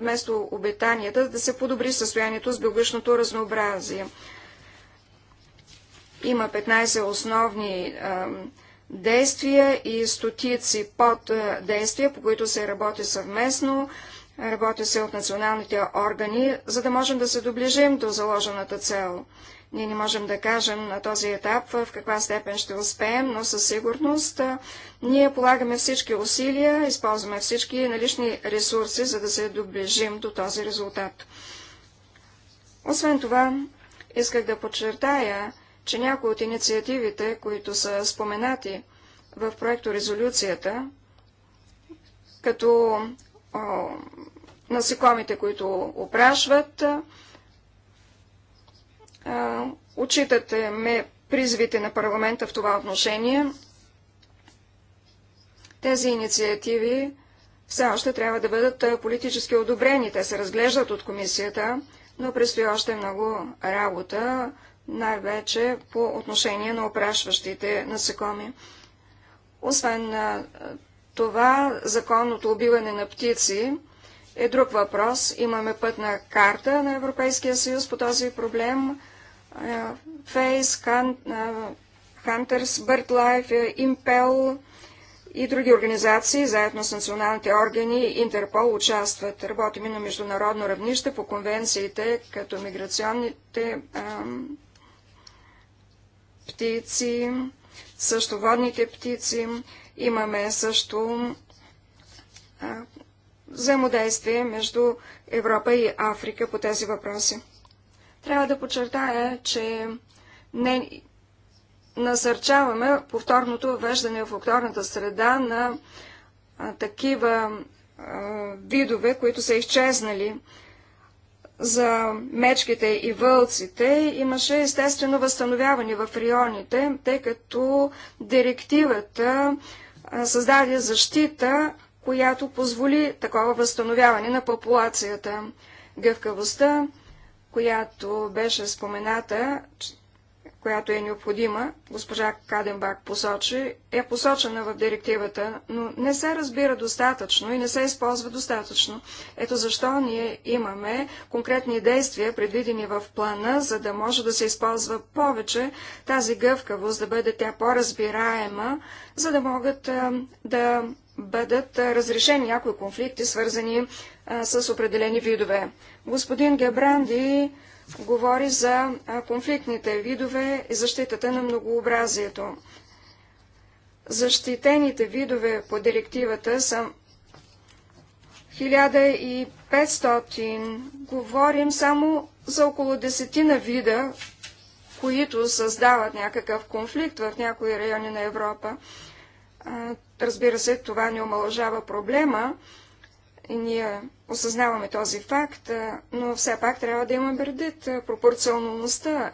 место обитанията да се подобри състоянието с биологичното разнообразие. Има 15 основни а, действия и стотици под действия, по които се работи съвместно. Работи се от националните органи, за да можем да се доближим до заложената цел. Ние не можем да кажем на този етап в каква степен ще успеем, но със сигурност ние полагаме всички усилия, използваме всички налични ресурси, за да се доближим до този резултат. Освен това, исках да подчертая, че някои от инициативите, които са споменати в проекто резолюцията, като насекомите, които опрашват. очитате ме призвите на парламента в това отношение. Тези инициативи все още трябва да бъдат политически одобрени. Те се разглеждат от комисията, но предстои още много работа, най-вече по отношение на опрашващите насекоми. Освен това законното убиване на птици е друг въпрос. Имаме пътна карта на Европейския съюз по този проблем. Е, Фейс, е, Хантерс, Бъртлайф, е, Импел и други организации, заедно с националните органи, Интерпол участват. Работим и на международно равнище по конвенциите, като миграционните ам, птици, също водните птици, имаме също а, взаимодействие между Европа и Африка по тези въпроси. Трябва да подчертая, че не насърчаваме повторното въвеждане в повторната среда на а, такива а, видове, които са изчезнали за мечките и вълците имаше естествено възстановяване в районите, тъй като директивата създаде защита, която позволи такова възстановяване на популацията. Гъвкавостта, която беше спомената, която е необходима, госпожа Каденбак посочи, е посочена в директивата, но не се разбира достатъчно и не се използва достатъчно. Ето защо ние имаме конкретни действия, предвидени в плана, за да може да се използва повече тази гъвкавост, да бъде тя по-разбираема, за да могат да бъдат разрешени някои конфликти, свързани с определени видове. Господин Гебранди говори за конфликтните видове и защитата на многообразието. Защитените видове по директивата са 1500. Говорим само за около десетина вида, които създават някакъв конфликт в някои райони на Европа. Разбира се, това не омалъжава проблема, ние осъзнаваме този факт, но все пак трябва да имаме предвид пропорционалността,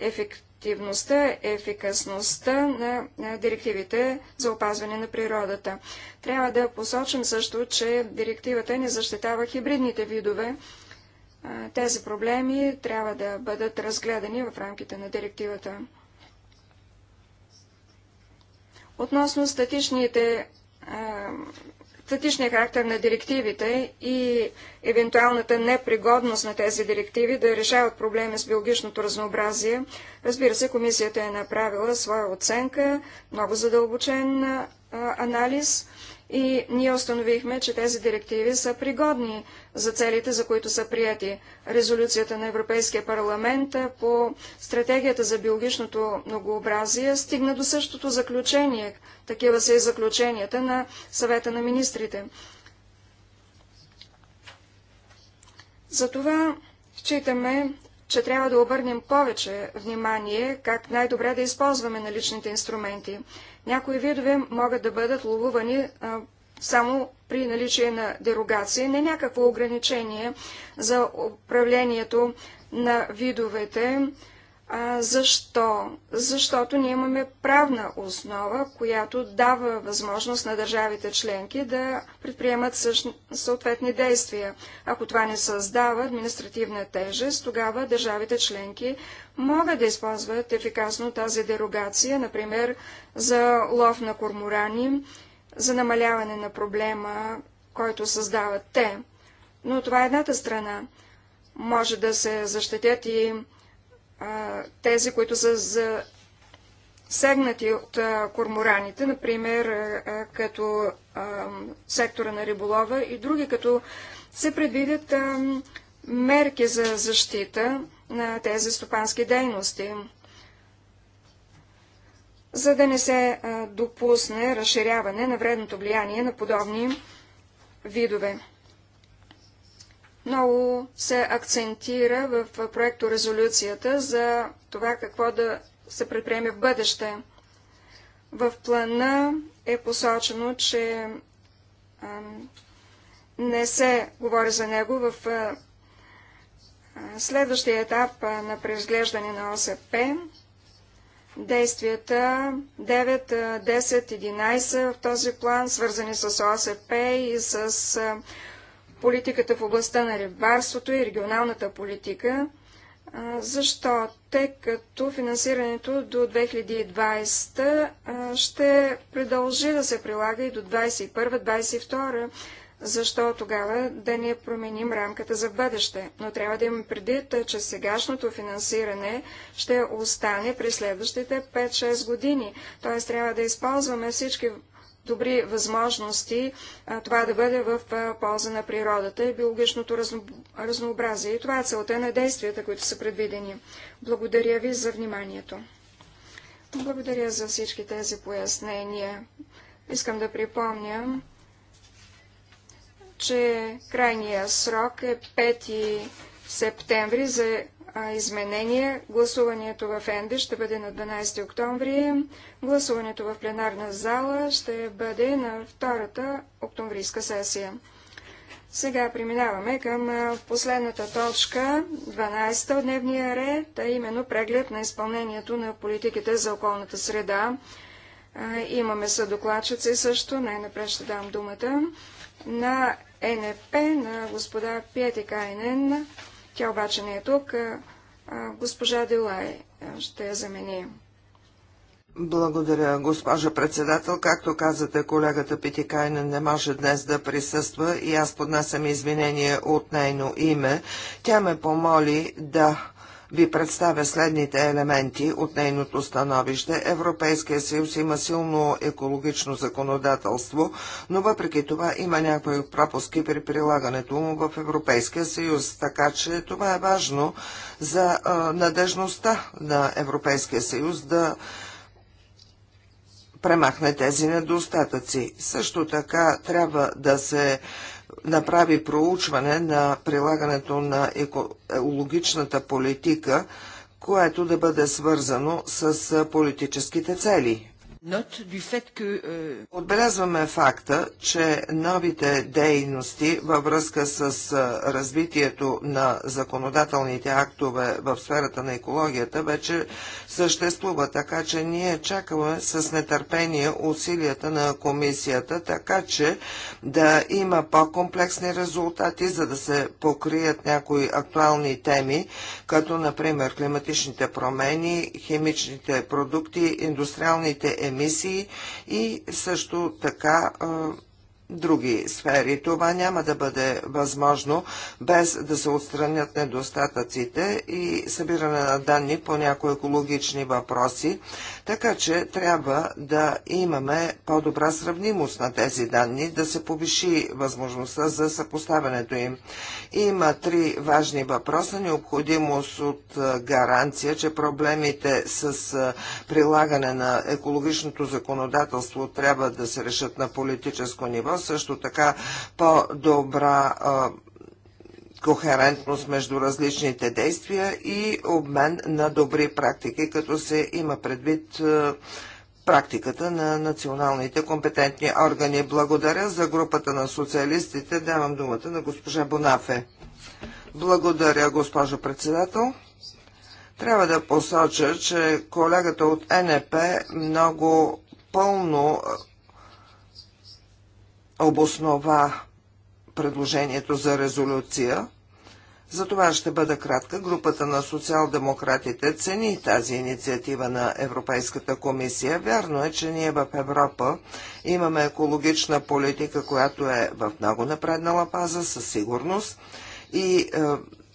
ефективността, ефикасността на директивите за опазване на природата. Трябва да посочим също, че директивата не защитава хибридните видове. Тези проблеми трябва да бъдат разгледани в рамките на директивата. Относно статичните статичния характер на директивите и евентуалната непригодност на тези директиви да решават проблеми с биологичното разнообразие. Разбира се, комисията е направила своя оценка, много задълбочен анализ – и ние установихме, че тези директиви са пригодни за целите, за които са прияти. Резолюцията на Европейския парламент по стратегията за биологичното многообразие стигна до същото заключение. Такива са и заключенията на съвета на министрите. Затова считаме, че трябва да обърнем повече внимание как най-добре да използваме наличните инструменти. Някои видове могат да бъдат ловувани а, само при наличие на дерогации, не някакво ограничение за управлението на видовете, а, защо? Защото ние имаме правна основа, която дава възможност на държавите членки да предприемат съответни действия. Ако това не създава административна тежест, тогава държавите членки могат да използват ефикасно тази дерогация, например за лов на корморани, за намаляване на проблема, който създават те. Но това е едната страна. Може да се защитят и тези, които са засегнати от кормораните, например, като сектора на риболова и други, като се предвидят мерки за защита на тези стопански дейности, за да не се допусне разширяване на вредното влияние на подобни видове. Много се акцентира в проекто резолюцията за това какво да се предприеме в бъдеще. В плана е посочено, че а, не се говори за него в а, следващия етап а, на преизглеждане на ОСП. Действията 9, 10, 11 в този план, свързани с ОСП и с политиката в областта на рибарството и регионалната политика. Защо? Тъй като финансирането до 2020 ще продължи да се прилага и до 2021-2022, защо тогава да не променим рамката за бъдеще. Но трябва да имаме предвид, че сегашното финансиране ще остане през следващите 5-6 години. Т.е. трябва да използваме всички добри възможности а, това да бъде в а, полза на природата и биологичното разно... разнообразие. И това е целта на действията, които са предвидени. Благодаря ви за вниманието. Благодаря за всички тези пояснения. Искам да припомня, че крайния срок е 5 септември за изменение. Гласуването в Енде ще бъде на 12 октомври. Гласуването в пленарна зала ще бъде на втората октомврийска сесия. Сега преминаваме към последната точка, 12 от дневния ред, а именно преглед на изпълнението на политиките за околната среда. Имаме съдокладчици също, най-напред ще дам думата, на НП, на господа Пиети Кайнен, тя обаче не е тук. Госпожа Дилай ще я замени. Благодаря, госпожа председател. Както казате, колегата Питикайна не може днес да присъства и аз поднасям извинение от нейно име. Тя ме помоли да ви представя следните елементи от нейното становище. Европейския съюз има силно екологично законодателство, но въпреки това има някои пропуски при прилагането му в Европейския съюз. Така че това е важно за надежността на Европейския съюз да премахне тези недостатъци. Също така трябва да се направи проучване на прилагането на екологичната политика, което да бъде свързано с политическите цели. Euh, Отбелязваме факта, че новите дейности във връзка с развитието на законодателните актове в сферата на екологията вече съществува, така че ние чакаме с нетърпение усилията на комисията, така че да има по-комплексни резултати, за да се покрият някои актуални теми, като например климатичните промени, химичните продукти, индустриалните емисии, емисии и също така други сфери. Това няма да бъде възможно без да се отстранят недостатъците и събиране на данни по някои екологични въпроси, така че трябва да имаме по-добра сравнимост на тези данни, да се повиши възможността за съпоставянето им. Има три важни въпроса. Необходимост от гаранция, че проблемите с прилагане на екологичното законодателство трябва да се решат на политическо ниво, също така по-добра кохерентност между различните действия и обмен на добри практики, като се има предвид практиката на националните компетентни органи. Благодаря за групата на социалистите. Давам думата на госпожа Бонафе. Благодаря, госпожо председател. Трябва да посоча, че колегата от НП много пълно обоснова предложението за резолюция. За това ще бъда кратка. Групата на социал-демократите цени тази инициатива на Европейската комисия. Вярно е, че ние в Европа имаме екологична политика, която е в много напреднала паза, със сигурност. И е,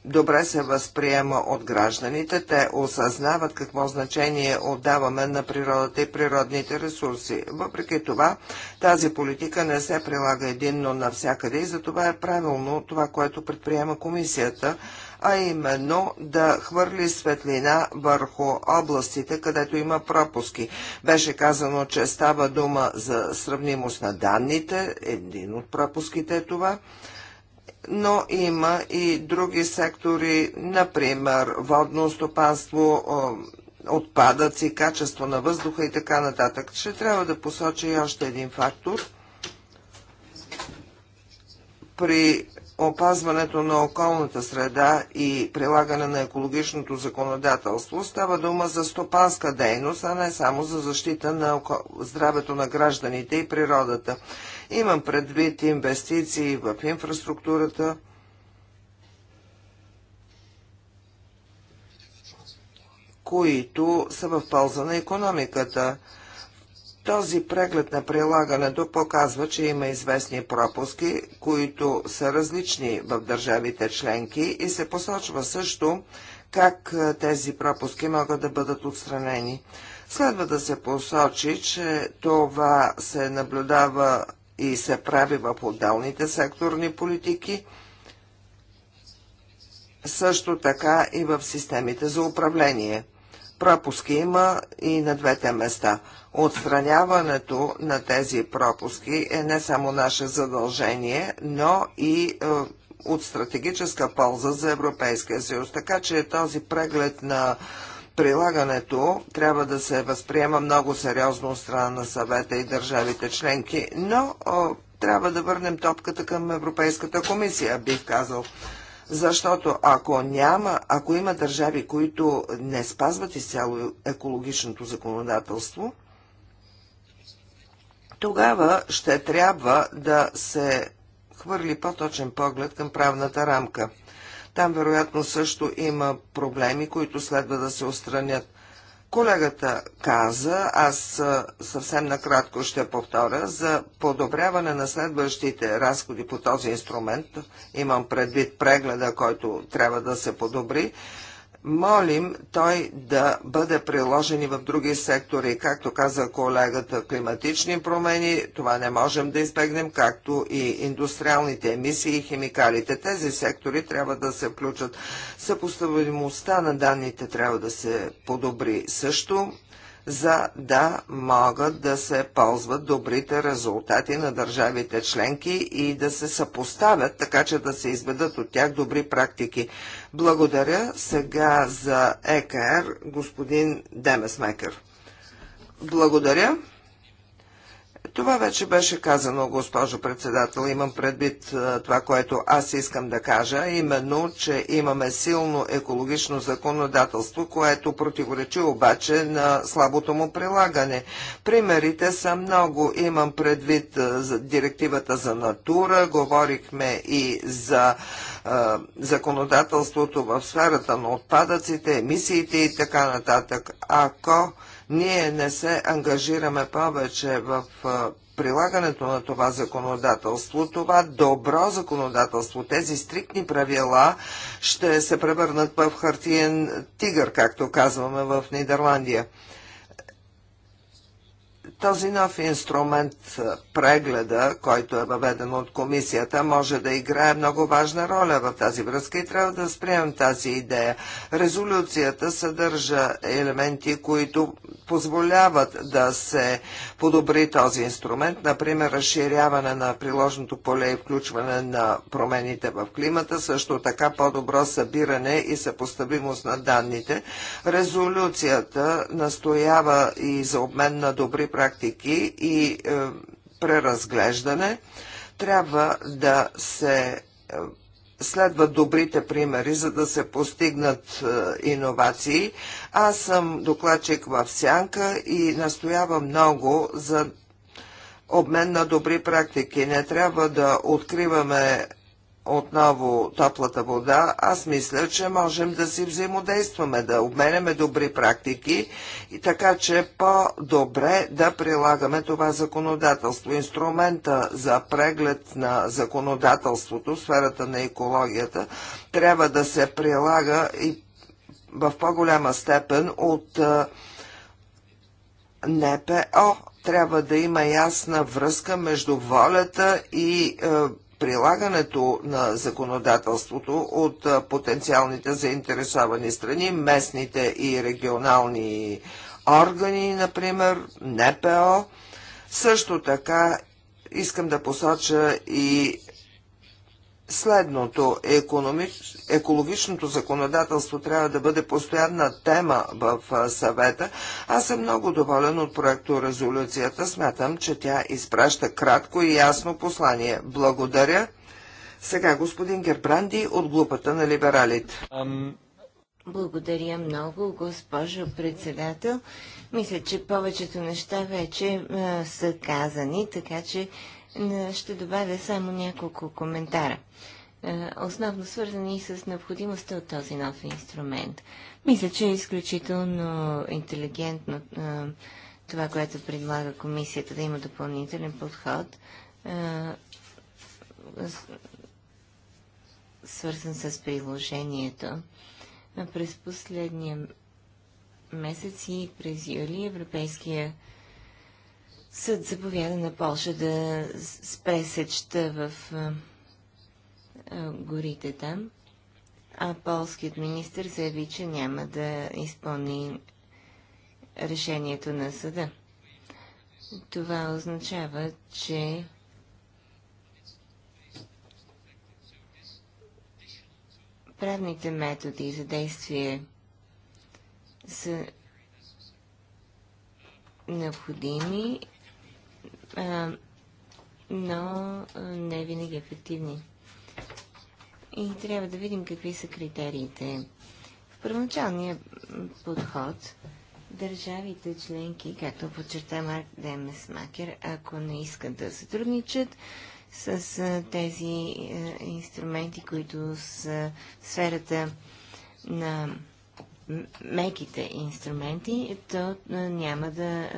добре се възприема от гражданите. Те осъзнават какво значение отдаваме на природата и природните ресурси. Въпреки това, тази политика не се прилага единно навсякъде и затова е правилно това, което предприема комисията, а именно да хвърли светлина върху областите, където има пропуски. Беше казано, че става дума за сравнимост на данните. Един от пропуските е това но има и други сектори, например водно стопанство, е, отпадъци, качество на въздуха и така нататък. Ще трябва да посоча и още един фактор. При опазването на околната среда и прилагане на екологичното законодателство става дума за стопанска дейност, а не само за защита на здравето на гражданите и природата. Имам предвид инвестиции в инфраструктурата. които са в полза на економиката. Този преглед на прилагането показва, че има известни пропуски, които са различни в държавите членки и се посочва също как тези пропуски могат да бъдат отстранени. Следва да се посочи, че това се наблюдава и се прави в отделните секторни политики, също така и в системите за управление. Пропуски има и на двете места. Отстраняването на тези пропуски е не само наше задължение, но и е, от стратегическа полза за Европейския съюз. Така че този преглед на прилагането трябва да се възприема много сериозно от страна на съвета и държавите членки, но о, трябва да върнем топката към Европейската комисия, бих казал. Защото ако няма, ако има държави, които не спазват изцяло екологичното законодателство, тогава ще трябва да се хвърли по-точен поглед към правната рамка. Там вероятно също има проблеми, които следва да се устранят. Колегата каза, аз съвсем накратко ще повторя, за подобряване на следващите разходи по този инструмент, имам предвид прегледа, който трябва да се подобри, молим той да бъде приложен и в други сектори, както каза колегата, климатични промени, това не можем да избегнем, както и индустриалните емисии и химикалите. Тези сектори трябва да се включат. Съпоставимостта на данните трябва да се подобри също за да могат да се ползват добрите резултати на държавите членки и да се съпоставят, така че да се изведат от тях добри практики. Благодаря сега за ЕКР господин Демесмекер. Благодаря. Това вече беше казано, госпожо председател. Имам предвид това, което аз искам да кажа, именно, че имаме силно екологично законодателство, което противоречи обаче на слабото му прилагане. Примерите са много. Имам предвид за директивата за натура, говорихме и за законодателството в сферата на отпадъците, емисиите и така нататък. Ако ние не се ангажираме повече в прилагането на това законодателство, това добро законодателство, тези стриктни правила ще се превърнат в хартиен тигър, както казваме в Нидерландия този нов инструмент, е, прегледа, който е въведен от комисията, може да играе много важна роля в тази връзка и трябва да сприем тази идея. Резолюцията съдържа елементи, които позволяват да се подобри този инструмент, например разширяване на приложното поле и включване на промените в климата, също така по-добро събиране и съпоставимост на данните. Резолюцията настоява и за обмен на добри практики практики и е, преразглеждане, трябва да се е, следват добрите примери, за да се постигнат е, иновации. Аз съм докладчик в Сянка и настоявам много за обмен на добри практики. Не трябва да откриваме отново топлата вода, аз мисля, че можем да си взаимодействаме, да обменяме добри практики и така, че по-добре да прилагаме това законодателство. Инструмента за преглед на законодателството в сферата на екологията трябва да се прилага и в по-голяма степен от НПО. Трябва да има ясна връзка между волята и е, прилагането на законодателството от потенциалните заинтересовани страни, местните и регионални органи, например, НПО. Също така искам да посоча и следното. Екологичното законодателство трябва да бъде постоянна тема в съвета. Аз съм много доволен от проекто резолюцията. Смятам, че тя изпраща кратко и ясно послание. Благодаря. Сега господин Гербранди от глупата на либералите. Благодаря много, госпожо председател. Мисля, че повечето неща вече а, са казани, така че е, ще добавя само няколко коментара, е, основно свързани с необходимостта от този нов инструмент. Мисля, че е изключително интелигентно е, това, което предлага комисията да има допълнителен подход, свързан с приложението. През последния месец и през юли Европейския Съд заповяда на Польша да спре сечта в а, а, горите там, а полският министр заяви, че няма да изпълни решението на съда. Това означава, че правните методи за действие са необходими но не винаги ефективни. И трябва да видим какви са критериите. В първоначалния подход държавите членки, както подчерта Марк Макер, ако не искат да сътрудничат с тези инструменти, които са сферата на меките инструменти, то няма да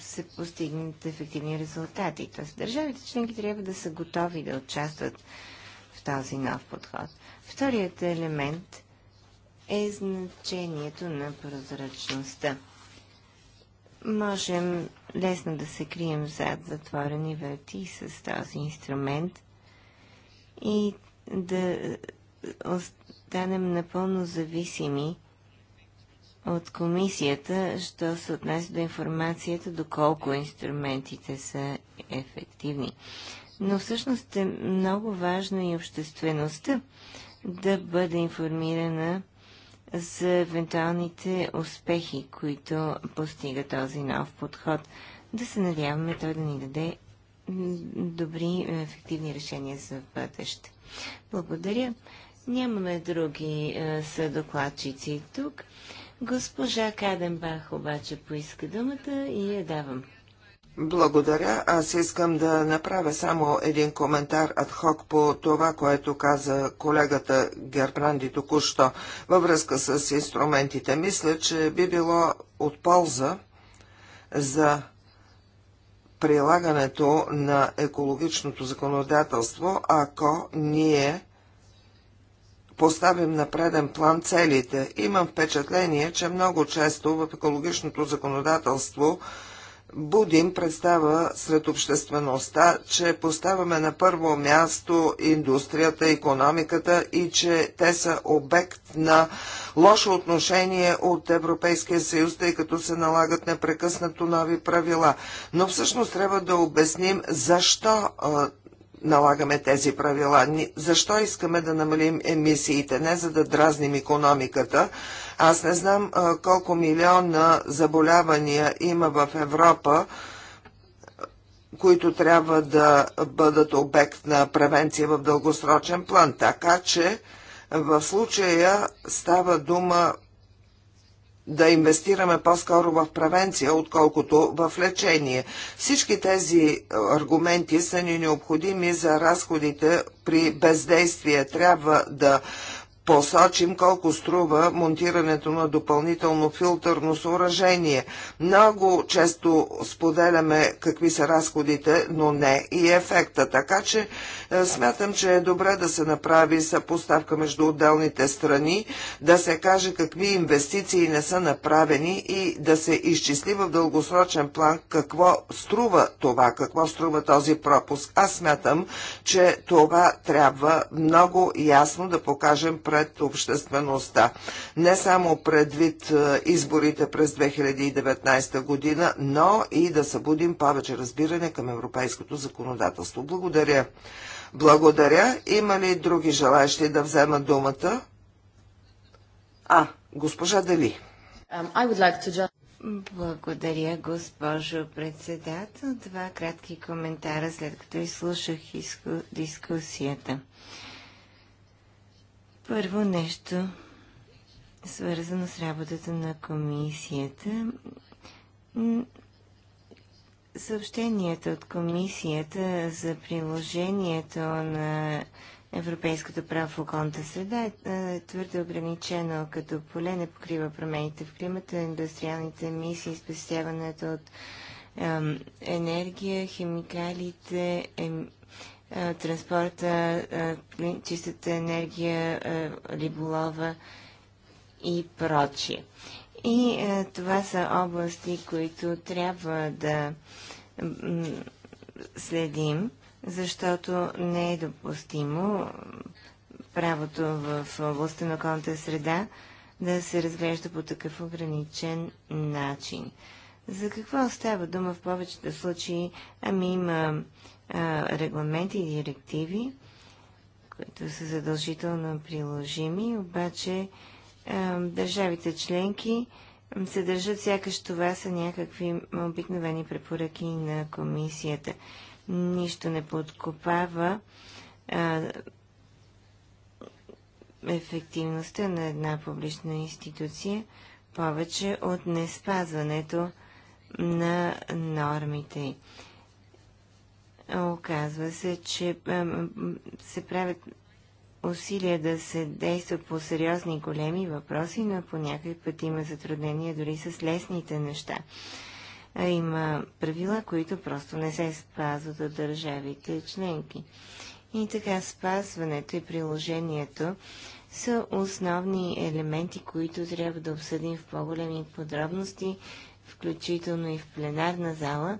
се постигнат ефективни резултати. Тоест, държавите членки трябва да са готови да участват в този нов подход. Вторият елемент е значението на прозрачността. Можем лесно да се крием зад затворени врати с този инструмент и да останем напълно зависими от комисията, що се отнася до информацията, доколко инструментите са ефективни. Но всъщност е много важно и обществеността да бъде информирана за евентуалните успехи, които постига този нов подход. Да се надяваме той да ни даде добри, ефективни решения за бъдеще. Благодаря. Нямаме други е, съдокладчици тук. Госпожа Каденбах обаче поиска думата и я давам. Благодаря. Аз искам да направя само един коментар адхок по това, което каза колегата Гербранди току-що във връзка с инструментите. Мисля, че би било от полза за прилагането на екологичното законодателство, ако ние поставим на преден план целите. Имам впечатление, че много често в екологичното законодателство будим представа сред обществеността, че поставяме на първо място индустрията, економиката и че те са обект на лошо отношение от Европейския съюз, тъй като се налагат непрекъснато нови правила. Но всъщност трябва да обясним защо налагаме тези правила? Защо искаме да намалим емисиите? Не за да дразним економиката. Аз не знам колко милиона заболявания има в Европа, които трябва да бъдат обект на превенция в дългосрочен план. Така че в случая става дума да инвестираме по-скоро в превенция, отколкото в лечение. Всички тези е, аргументи са ни необходими за разходите при бездействие. Трябва да посочим колко струва монтирането на допълнително филтърно съоръжение. Много често споделяме какви са разходите, но не и ефекта. Така че е, смятам, че е добре да се направи съпоставка между отделните страни, да се каже какви инвестиции не са направени и да се изчисли в дългосрочен план какво струва това, какво струва този пропуск. Аз смятам, че това трябва много ясно да покажем пред пред обществеността. Не само предвид е, изборите през 2019 година, но и да събудим повече разбиране към европейското законодателство. Благодаря. Благодаря. Има ли други желаящи да вземат думата? А, госпожа Дали. Um, Благодаря, госпожо председател. Два кратки коментара, след като изслушах диску... дискусията. Първо нещо, свързано с работата на комисията. Съобщенията от комисията за приложението на европейското право в околната среда е, е твърде ограничено, като поле не покрива промените в климата, индустриалните емисии, спестяването от енергия, химикалите, емисии, е, транспорта, е, чистата енергия, е, риболова и прочие. И това са области, които трябва да следим, защото не е допустимо правото в областта на околната среда да се разглежда по такъв ограничен начин. За какво става дума в повечето случаи? Ами има регламенти и директиви, които са задължително приложими, обаче държавите членки се държат сякаш това са някакви обикновени препоръки на комисията. Нищо не подкопава ефективността на една публична институция повече от неспазването на нормите. Оказва се, че се правят усилия да се действа по сериозни и големи въпроси, но по някой път има затруднения дори с лесните неща. Има правила, които просто не се спазват от държавите членки. И така спазването и приложението са основни елементи, които трябва да обсъдим в по-големи подробности, включително и в пленарна зала,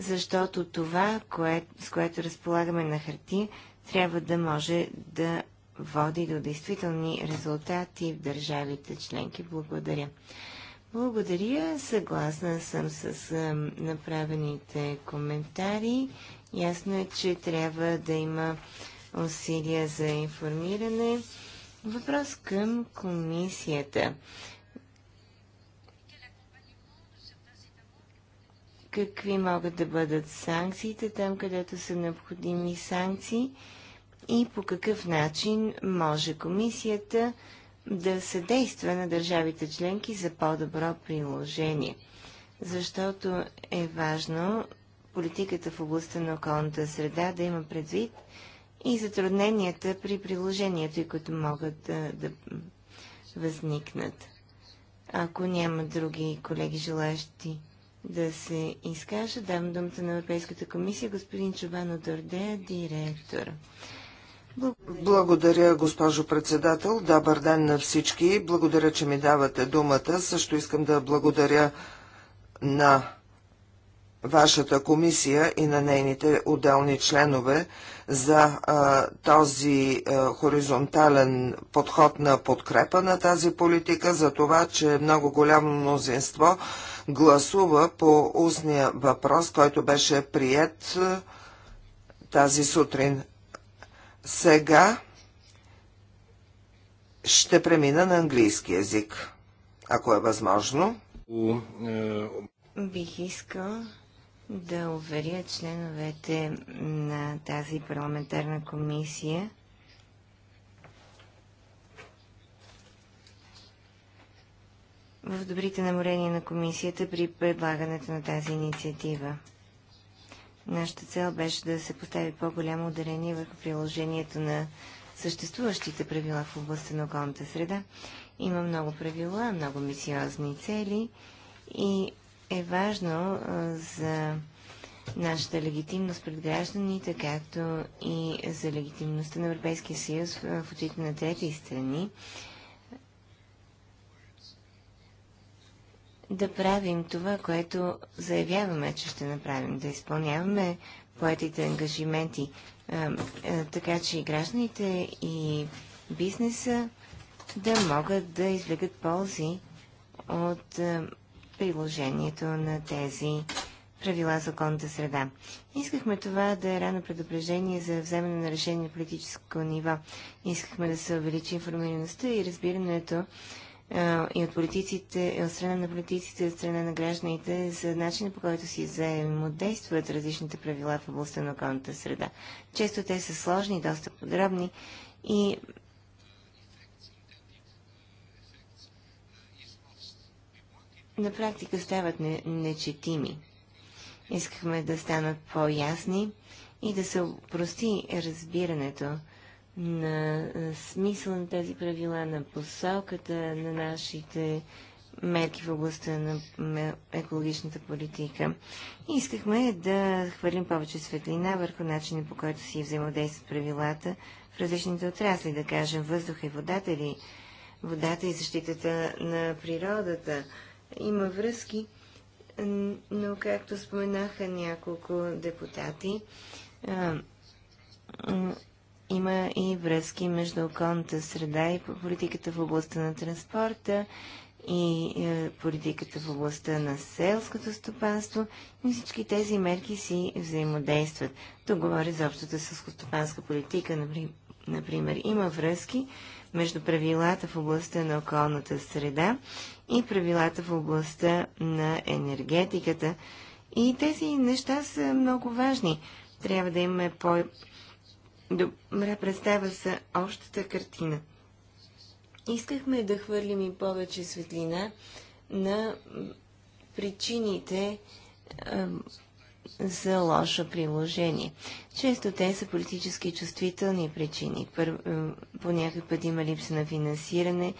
защото това, кое, с което разполагаме на хартия, трябва да може да води до действителни резултати в държавите членки. Благодаря. Благодаря. Съгласна съм с направените коментари. Ясно е, че трябва да има усилия за информиране. Въпрос към комисията. какви могат да бъдат санкциите там, където са необходими санкции и по какъв начин може комисията да съдейства на държавите членки за по-добро приложение. Защото е важно политиката в областта на околната среда да има предвид и затрудненията при приложението, и които могат да, да възникнат. Ако няма други колеги желаящи да се изкаже. Давам думата на Европейската комисия, господин Чобано Дордея, директор. Благодаря. Благодаря, госпожо председател. Добър ден на всички. Благодаря, че ми давате думата. Също искам да благодаря на вашата комисия и на нейните отделни членове за а, този а, хоризонтален подход на подкрепа на тази политика, за това, че много голямо мнозинство гласува по устния въпрос, който беше прият тази сутрин. Сега ще премина на английски язик, ако е възможно. Е, Бих искал да уверя членовете на тази парламентарна комисия, в добрите намерения на комисията при предлагането на тази инициатива. Нашата цел беше да се постави по-голямо ударение върху приложението на съществуващите правила в областта на околната среда. Има много правила, много мисиозни цели и е важно за нашата легитимност пред гражданите, както и за легитимността на Европейския съюз в очите на трети страни. Да правим това, което заявяваме, че ще направим, да изпълняваме поетите ангажименти, така че и гражданите и бизнеса да могат да извлекат ползи от приложението на тези правила за околната среда. Искахме това да е рано предупреждение за вземане на решение на политическо ниво. Искахме да се увеличи информираността и разбирането и от политиците, и от страна на политиците, и от страна на гражданите за начина по който си взаимодействат различните правила в областта на околната среда. Често те са сложни, доста подробни и на практика стават не, нечетими. Искахме да станат по-ясни и да се прости разбирането на смисъл на тези правила, на посоката на нашите мерки в областта на екологичната политика. И искахме да хвърлим повече светлина върху начина по който си взаимодействат правилата в различните отрасли, да кажем въздух и водата или водата и защитата на природата, има връзки, но както споменаха няколко депутати, а, има и връзки между околната среда и политиката в областта на транспорта и е, политиката в областта на селското стопанство и всички тези мерки си взаимодействат. Тук говоря за общата селскостопанска политика, например. Има връзки между правилата в областта на околната среда и правилата в областта на енергетиката. И тези неща са много важни. Трябва да имаме по-добра представа за общата картина. Искахме да хвърлим и повече светлина на причините за лошо приложение. Често те са политически чувствителни причини. Пър, по някакъв път има липса на финансиране,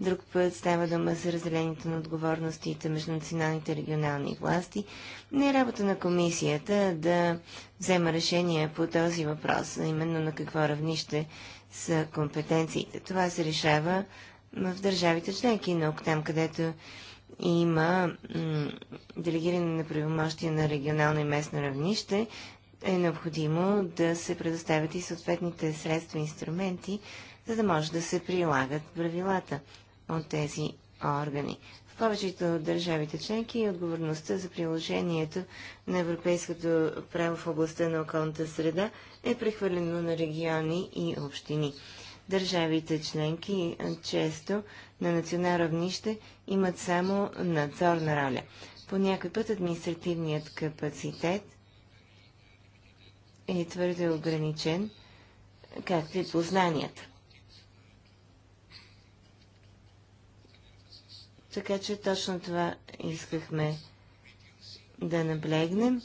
Друг път става дума за разделението на отговорностите между националните и регионални власти. Не е работа на комисията да взема решение по този въпрос, а именно на какво равнище са компетенциите. Това се решава в държавите членки, но там, където има делегиране на правомощия на регионално и местно равнище, е необходимо да се предоставят и съответните средства и инструменти, за да може да се прилагат правилата от тези органи. В повечето от държавите членки е отговорността за приложението на европейското право в областта на околната среда е прехвърлено на региони и общини. Държавите членки често на национално равнище имат само надзорна роля. По някой път административният капацитет е твърде ограничен, както и познанията. Така че точно това искахме да наблегнем,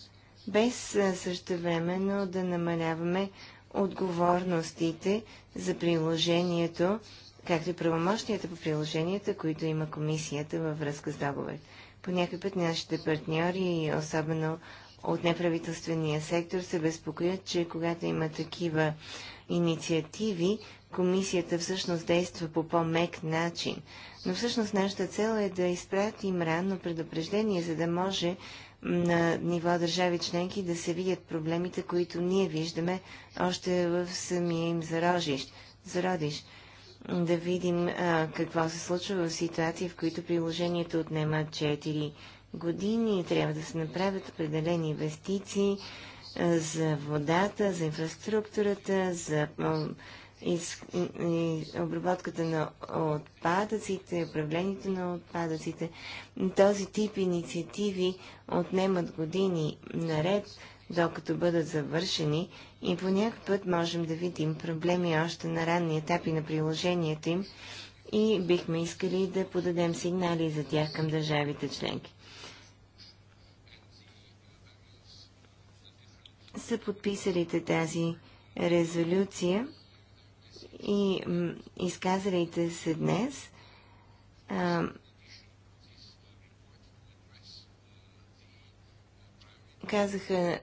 без същевременно да намаляваме отговорностите за приложението, както и правомощията по приложенията, които има комисията във връзка с договорите. По някой път нашите партньори, особено от неправителствения сектор, се безпокоят, че когато има такива инициативи, комисията всъщност действа по по-мек начин. Но всъщност нашата цел е да изпратим ранно предупреждение, за да може на ниво държави членки да се видят проблемите, които ние виждаме още в самия им зарожиш, зародиш. Да видим а, какво се случва в ситуации, в които приложението отнема 4 години, трябва да се направят определени инвестиции, за водата, за инфраструктурата, за из, и, обработката на отпадъците, управлението на отпадъците. Този тип инициативи отнемат години наред, докато бъдат завършени и по някакъв път можем да видим проблеми още на ранни етапи на приложението им и бихме искали да подадем сигнали за тях към държавите членки. са подписалите тази резолюция и изказалите се днес казаха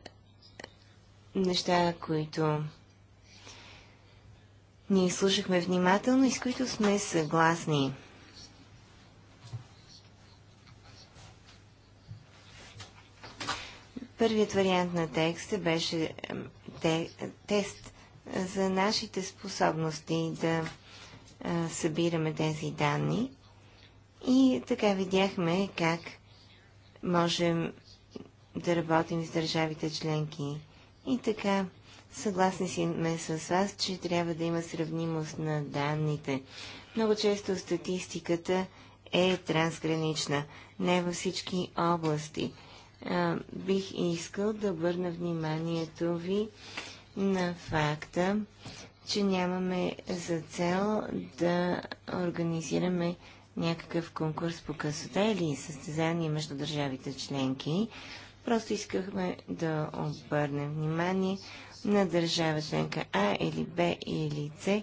неща, които ние слушахме внимателно и с които сме съгласни. Първият вариант на текста беше те, тест за нашите способности да а, събираме тези данни. И така видяхме как можем да работим с държавите членки. И така, съгласни сме с вас, че трябва да има сравнимост на данните. Много често статистиката е трансгранична, не във всички области – бих искал да обърна вниманието ви на факта, че нямаме за цел да организираме някакъв конкурс по красота или състезание между държавите членки. Просто искахме да обърнем внимание на държава членка А или Б или С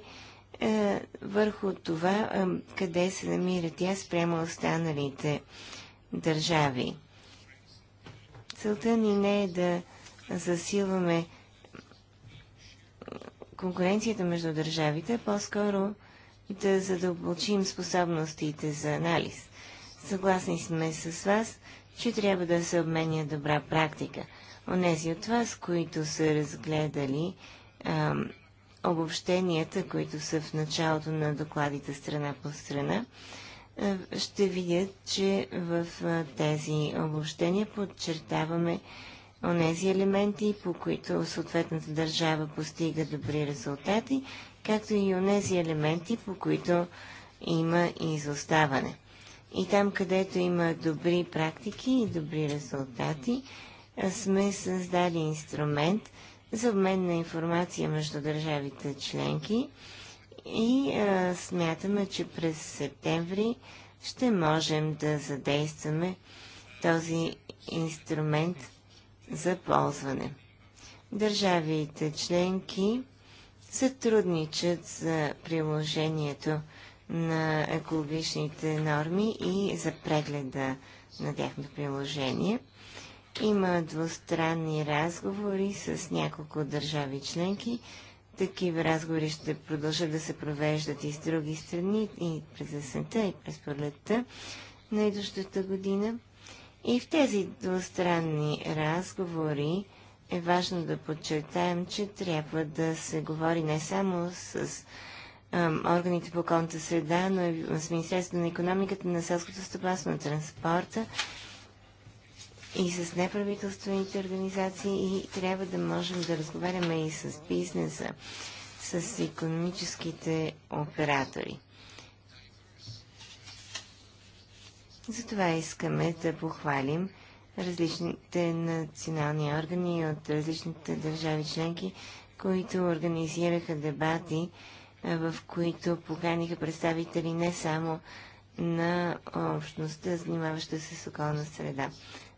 е, върху това е, къде се намира тя спрямо останалите държави. Целта ни не е да засилваме конкуренцията между държавите, по-скоро да задълбочим способностите за анализ. Съгласни сме с вас, че трябва да се обменя добра практика. Онези от вас, които са разгледали а, обобщенията, които са в началото на докладите страна по страна, е, ще видят, че в тези обобщения подчертаваме онези елементи, по които съответната държава постига добри резултати, както и онези елементи, по които има изоставане. И там, където има добри практики и добри резултати, сме създали инструмент за обмен на информация между държавите членки, и а, смятаме, че през септември ще можем да задействаме този инструмент за ползване. Държавите членки сътрудничат за приложението на екологичните норми и за прегледа на тяхното приложение. Има двустранни разговори с няколко държави членки такива разговори ще продължат да се провеждат и с други страни, и през есента, и през пролетта на идващата година. И в тези двустранни разговори е важно да подчертаем, че трябва да се говори не само с а, органите по околната среда, но и с Министерството на економиката, на селското стопанство, на транспорта, и с неправителствените организации и трябва да можем да разговаряме и с бизнеса, с економическите оператори. Затова искаме да похвалим различните национални органи от различните държави членки, които организираха дебати, в които поканиха представители не само на общността, занимаваща се с околна среда.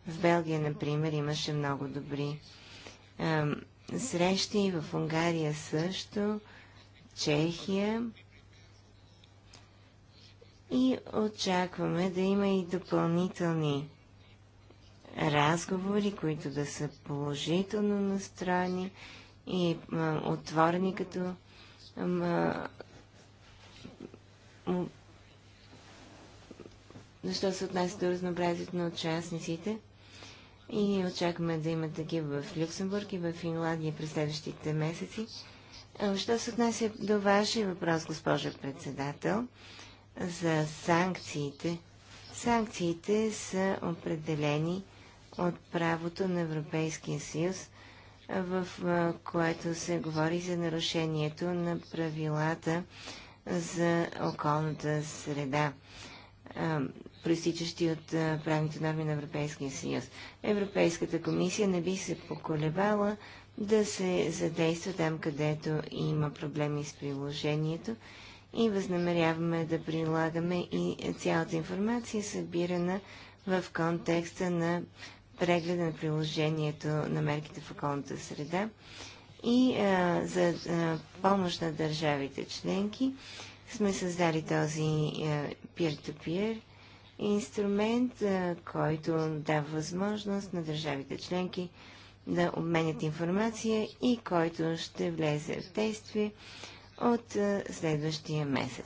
В Белгия, например, имаше много добри а, срещи, в Унгария също, Чехия. И очакваме да има и допълнителни разговори, които да са положително настроени и а, отворени като а, защо се отнася до разнообразието на участниците и очакваме да има такива в Люксембург и в Финландия през следващите месеци. Що се отнася до вашия въпрос, госпожа председател, за санкциите? Санкциите са определени от правото на Европейския съюз, в което се говори за нарушението на правилата за околната среда пресичащи от правните норми на Европейския съюз. Европейската комисия не би се поколебала да се задейства там, където има проблеми с приложението и възнамеряваме да прилагаме и цялата информация, събирана в контекста на прегледа на приложението на мерките в околната среда и а, за а, помощ на държавите членки сме създали този peer-to-peer -peer инструмент, който дава възможност на държавите членки да обменят информация и който ще влезе в действие от следващия месец.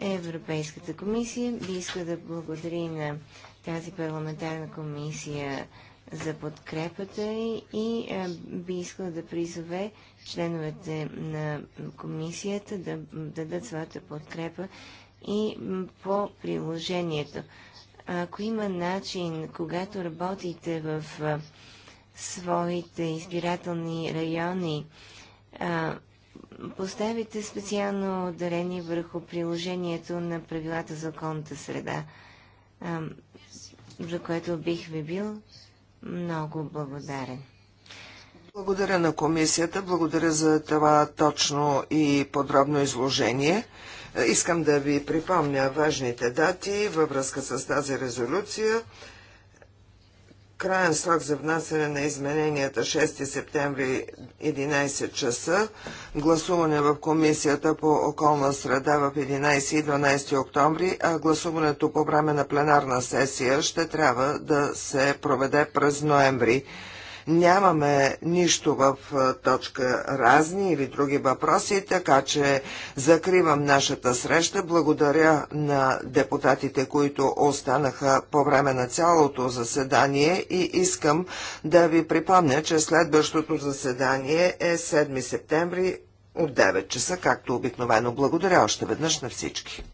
Европейската комисия би иска да благодари на тази парламентарна комисия за подкрепата и, и би искала да призове членовете на комисията да, да дадат своята подкрепа и по приложението. Ако има начин, когато работите в своите избирателни райони, поставите специално дарение върху приложението на правилата за околната среда, за което бих ви бил много благодарен. Благодаря на комисията, благодаря за това точно и подробно изложение. Искам да ви припомня важните дати във връзка с тази резолюция. Краен срок за внасяне на измененията 6 септември 11 часа, гласуване в Комисията по околна среда в 11 и 12 октомври, а гласуването по време на пленарна сесия ще трябва да се проведе през ноември. Нямаме нищо в точка разни или други въпроси, така че закривам нашата среща. Благодаря на депутатите, които останаха по време на цялото заседание и искам да ви припомня, че следващото заседание е 7 септември от 9 часа, както обикновено. Благодаря още веднъж на всички.